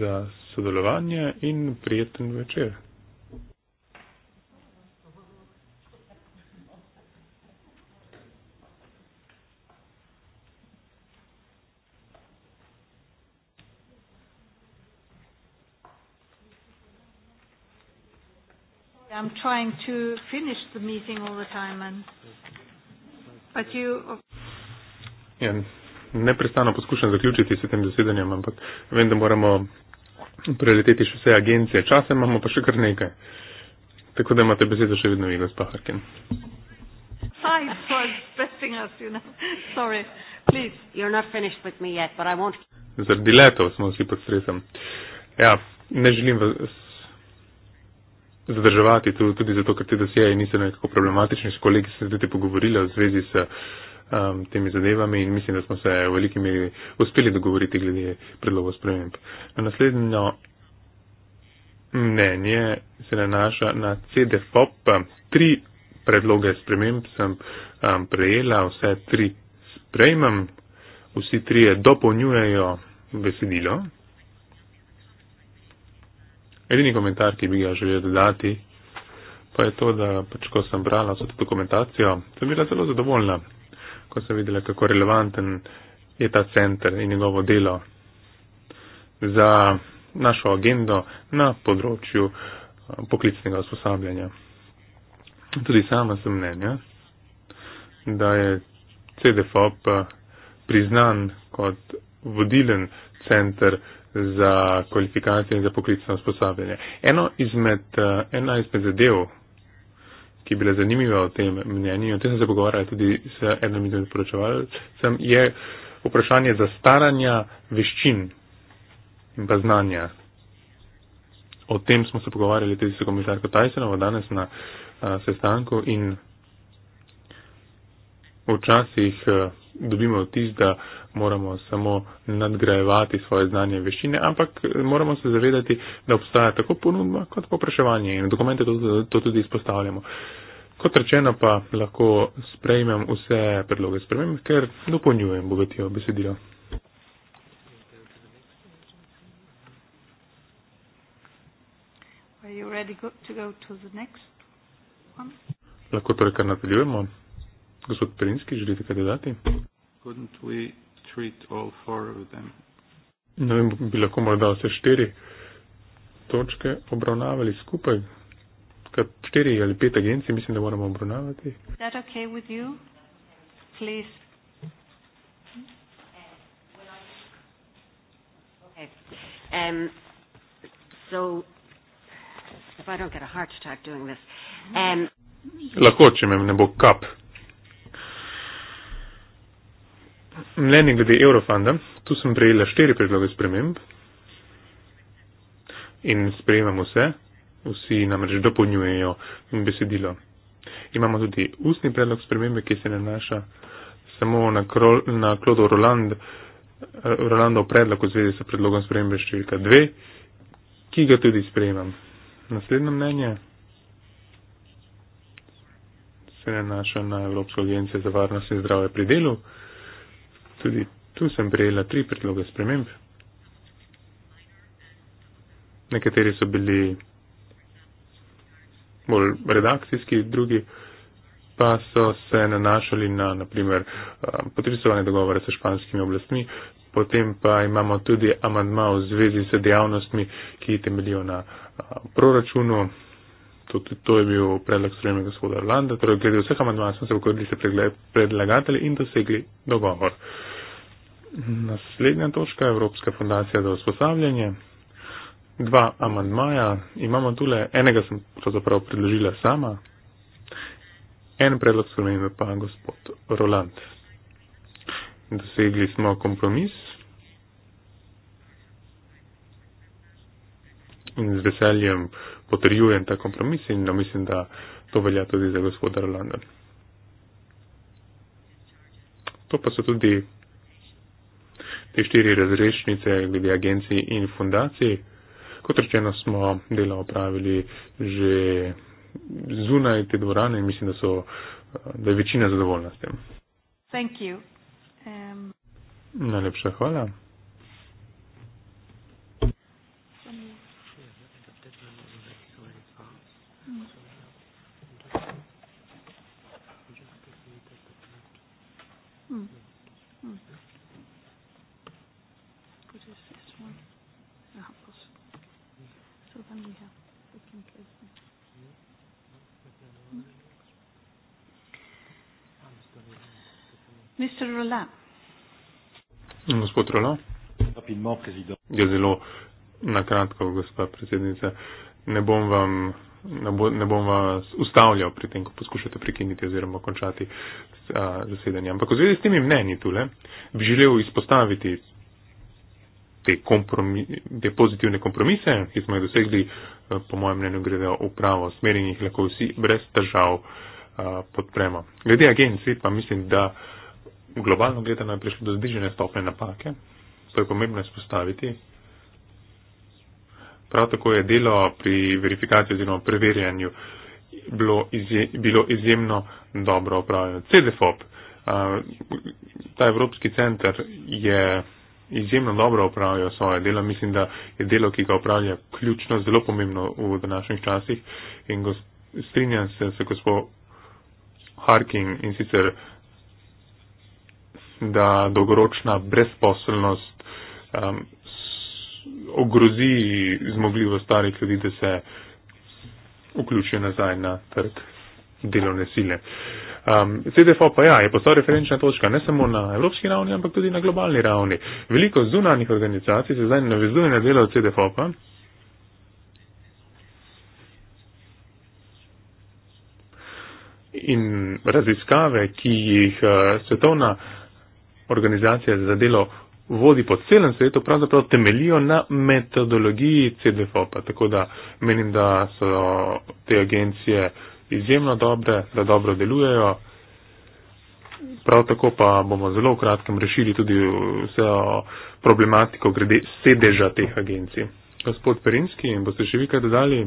Speaker 4: za sodelovanje in prijeten večer.
Speaker 1: I'm trying to finish the meeting all the time and but you
Speaker 4: yeah neprestano poskušam zaključiti s tem zasedanjem, ampak vem, da moramo preleteti še vse agencije. Čase imamo pa še kar nekaj. Tako da imate besedo še vedno vi, gospod Harkin. Zaradi letov smo vsi pod stresom. Ja, ne želim vas zadrževati tudi zato, ker te dosjeje niso nekako problematični. S kolegi se tudi pogovorili v zvezi s uh, um, temi zadevami in mislim, da smo se v veliki meri uspeli dogovoriti glede predlogov sprememb. Na naslednjo mnenje se nanaša na CDFOP. Tri predloge sprememb sem um, prejela, vse tri sprejmem, vsi tri dopolnjujejo besedilo. Edini komentar, ki bi ga želel dodati, pa je to, da pač ko sem brala vso to dokumentacijo, sem bila zelo zadovoljna ko so videli, kako relevanten je ta center in njegovo delo za našo agendo na področju eh, poklicnega usposabljanja. Tudi sama sem mnenja, da je CDFOP eh, priznan kot vodilen center za kvalifikacije in za poklicno usposabljanje. Eno izmed, eh, ena izmed zadev, ki je bila zanimiva o tem mnenju, o tem sem se pogovarjala tudi z enim izmed poročevalcev, je vprašanje zastaranja veščin in pa znanja. O tem smo se pogovarjali tudi s komisarko Tysonovo danes na a, sestanku in včasih a, dobimo vtis, da moramo samo nadgrajevati svoje znanje in veščine, ampak eh, moramo se zavedati, da obstaja tako ponudba kot popraševanje in dokumente to, to tudi izpostavljamo. Kot rečeno pa lahko sprejmem vse predloge sprejmem, ker dopolnjujem bogatijo besedilo. Lahko torej kar nadaljujemo. Gospod Prinski, želite kaj dodati?
Speaker 3: Couldn't we treat all four of
Speaker 2: them.
Speaker 4: Ne vem, bi lahko morda vse štiri točke obravnavali skupaj, kar štiri ali pet agencij mislim, da moramo obravnavati.
Speaker 1: Okay okay. um, so,
Speaker 2: um, lahko,
Speaker 4: če me ne bo kap. mnenje glede Eurofanda, tu sem prejela štiri predloge sprememb in sprejemamo vse, vsi namreč dopolnjujejo besedilo. Imamo tudi ustni predlog spremembe, ki se nanaša samo na, krol, na Klodo Roland, Rolandov predlog v zvezi s predlogom spremembe številka 2, ki ga tudi sprejemam. Naslednje mnenje se nanaša na Evropsko agencijo za varnost in zdravje pri delu. Tudi tu sem prijela tri predloge sprememb. Nekateri so bili bolj redakcijski, drugi pa so se nanašali na, naprimer, eh, podpisovanje dogovora s španskimi oblastmi, potem pa imamo tudi amandma v zvezi s dejavnostmi, ki temeljijo na eh, proračunu. Tudi to je bil predlog sprejeme gospoda Orlanda. Torej, glede vseh amandmajev smo se pokorili s predlagatelji in dosegli dogovor. Naslednja točka, Evropska fundacija za usposabljanje. Dva amandmaja imamo tule, enega sem pravzaprav predložila sama, en predlog spremenil pa gospod Roland. Dosegli smo kompromis in z veseljem potrjujem ta kompromis in no, mislim, da to velja tudi za gospoda Rolanda. To pa so tudi te štiri razrešnice glede agencij in fundacij. Kot rečeno smo delo opravili že zunaj te dvorane in mislim, da, so, da je večina zadovoljna s tem.
Speaker 1: Thank you. Um...
Speaker 4: Najlepša hvala.
Speaker 1: Mr. Rola.
Speaker 4: Gospod Rola. Ja, zelo nakratko, gospa predsednica. Ne bom vam. Ne, bo, ne bom vas ustavljal pri tem, ko poskušate prekiniti oziroma končati a, zasedanje. Ampak v zvezi s temi mnenji tule bi želel izpostaviti te, kompromi, te pozitivne kompromise, ki smo jih dosegli, a, po mojem mnenju gredo v pravo smer in jih lahko vsi brez težav a, podpremo. Glede agencij pa mislim, da. A, globalno gledano je prišlo do zdižene stopne napake, to je pomembno izpostaviti. Prav tako je delo pri verifikaciji oziroma preverjanju bilo, izje, bilo izjemno dobro opravljeno. CDFOP, ta Evropski center je izjemno dobro opravljal svoje delo. Mislim, da je delo, ki ga opravlja, ključno, zelo pomembno v današnjih časih. In strinjam se s gospod Harkin in sicer da dolgoročna brezposelnost um, ogrozi zmogljivost starih ljudi, da se vključijo nazaj na trg delovne sile. Um, CDFO pa ja, je postal referenčna točka ne samo na evropski ravni, ampak tudi na globalni ravni. Veliko zunanih organizacij se zdaj navezuje na delo CDFO. -pa. In raziskave, ki jih uh, svetovna uh, organizacije za delo vodi po celem svetu, pravzaprav temelijo na metodologiji CDFOP-a. Tako da menim, da so te agencije izjemno dobre, da dobro delujejo. Prav tako pa bomo zelo v kratkem rešili tudi vse problematiko glede sedeža teh agencij. Gospod Perinski, boste še vi kaj dodali?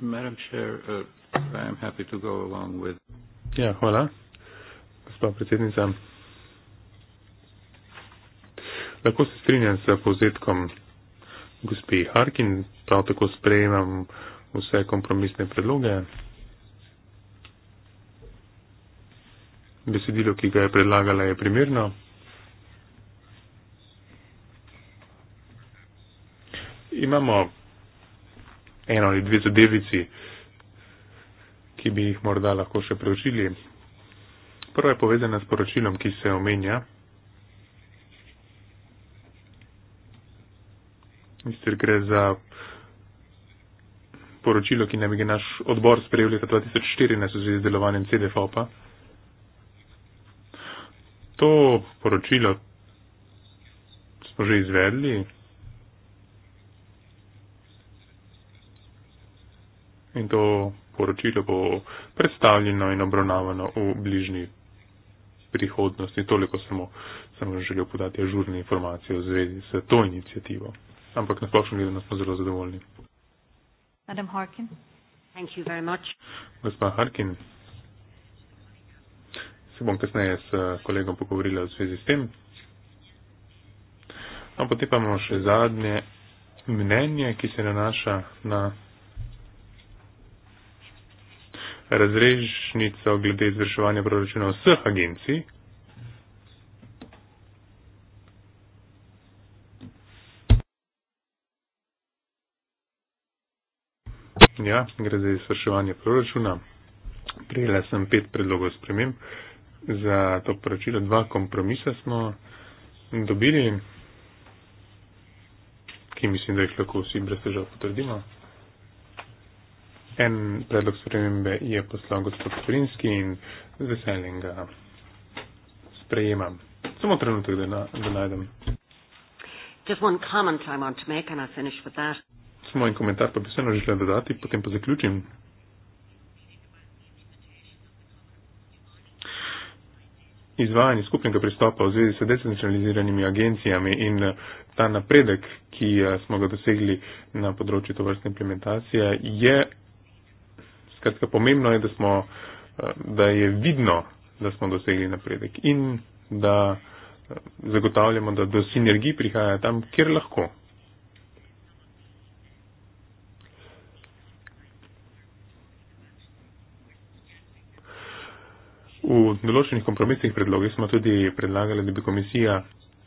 Speaker 3: Madam Chair, uh, I am happy to go along with.
Speaker 4: Ja, hvala, gospa predsednica. Lahko se strinjam s povzetkom gospe Harkin, prav tako sprejemam vse kompromisne predloge. Besedilo, ki ga je predlagala, je primerno. Imamo eno ali dve zadevici, ki bi jih morda lahko še preučili. Prva je povezana s poročilom, ki se omenja. Mislim, gre za poročilo, ki naj bi ga naš odbor sprejel leta 2014 v zvezi z delovanjem CDFOP-a. To poročilo smo že izvedli, in to poročilo bo predstavljeno in obravnavano v bližnji prihodnosti. Toliko samo sem želel podati ažurne informacije v zvezi s to inicijativo. Ampak na splošno gledano smo zelo zadovoljni.
Speaker 1: Madam Harkin. Thank you very much.
Speaker 4: Gospa Harkin. Se bom kasneje s eh, kolegom pogovorila v zvezi s tem. No, potem pa imamo še zadnje mnenje, ki se nanaša na razrešnico glede izvrševanja proračuna vseh agencij. Ja, gre za izvrševanje proračuna. Prijela sem pet predlogov sprememb. Za to poročilo dva kompromisa smo dobili, ki mislim, da jih lahko vsi brez težav potrdimo en predlog spremembe je poslal gospod Kurinski in z veseljem ga sprejemam. Samo trenutek, da, na, da najdem.
Speaker 2: Just one comment I want to make and I'll finish with that.
Speaker 4: Samo en komentar pa bi vseeno želel dodati, potem pa zaključim. Izvajanje skupnega pristopa v zvezi s decentraliziranimi agencijami in eh, ta napredek, ki eh, smo ga dosegli na področju tovrstne implementacije, je Skratka, pomembno je, da, smo, eh, da je vidno, da smo dosegli napredek in da eh, zagotavljamo, da do sinergij prihaja tam, kjer lahko. V določenih kompromisnih predlogih smo tudi predlagali, da bi komisija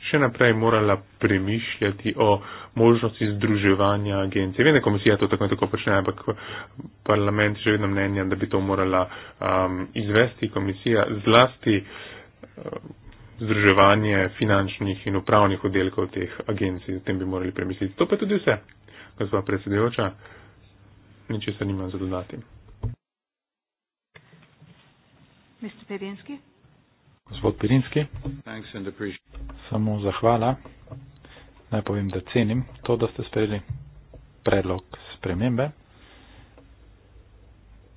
Speaker 4: še naprej morala premišljati o možnosti združevanja agencije. Vem, da komisija to tako in tako počne, ampak parlament še vedno mnenja, da bi to morala um, izvesti komisija zlasti uh, združevanje finančnih in upravnih oddelkov teh agencij. O tem bi morali premisliti. To pa tudi vse. Gospa predsedujoča, ničesar nimam za dodati.
Speaker 1: Mr. Pedinski
Speaker 3: gospod Pirinski. Samo zahvala. Naj povem, da cenim to, da ste sprejeli predlog spremembe.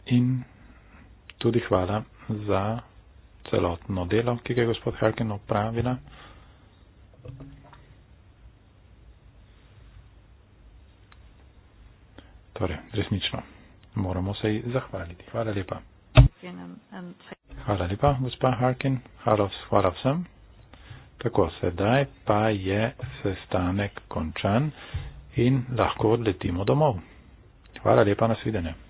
Speaker 3: In tudi hvala za celotno delo, ki ga je gospod Harkin opravila. Torej, resnično, moramo se ji zahvaliti. Hvala lepa.
Speaker 1: Thank you. Hvala
Speaker 3: lepa, gospa Harkin. Hvala, hvala vsem. Tako, sedaj pa je sestanek končan in lahko odletimo domov. Hvala lepa, nasvidenje.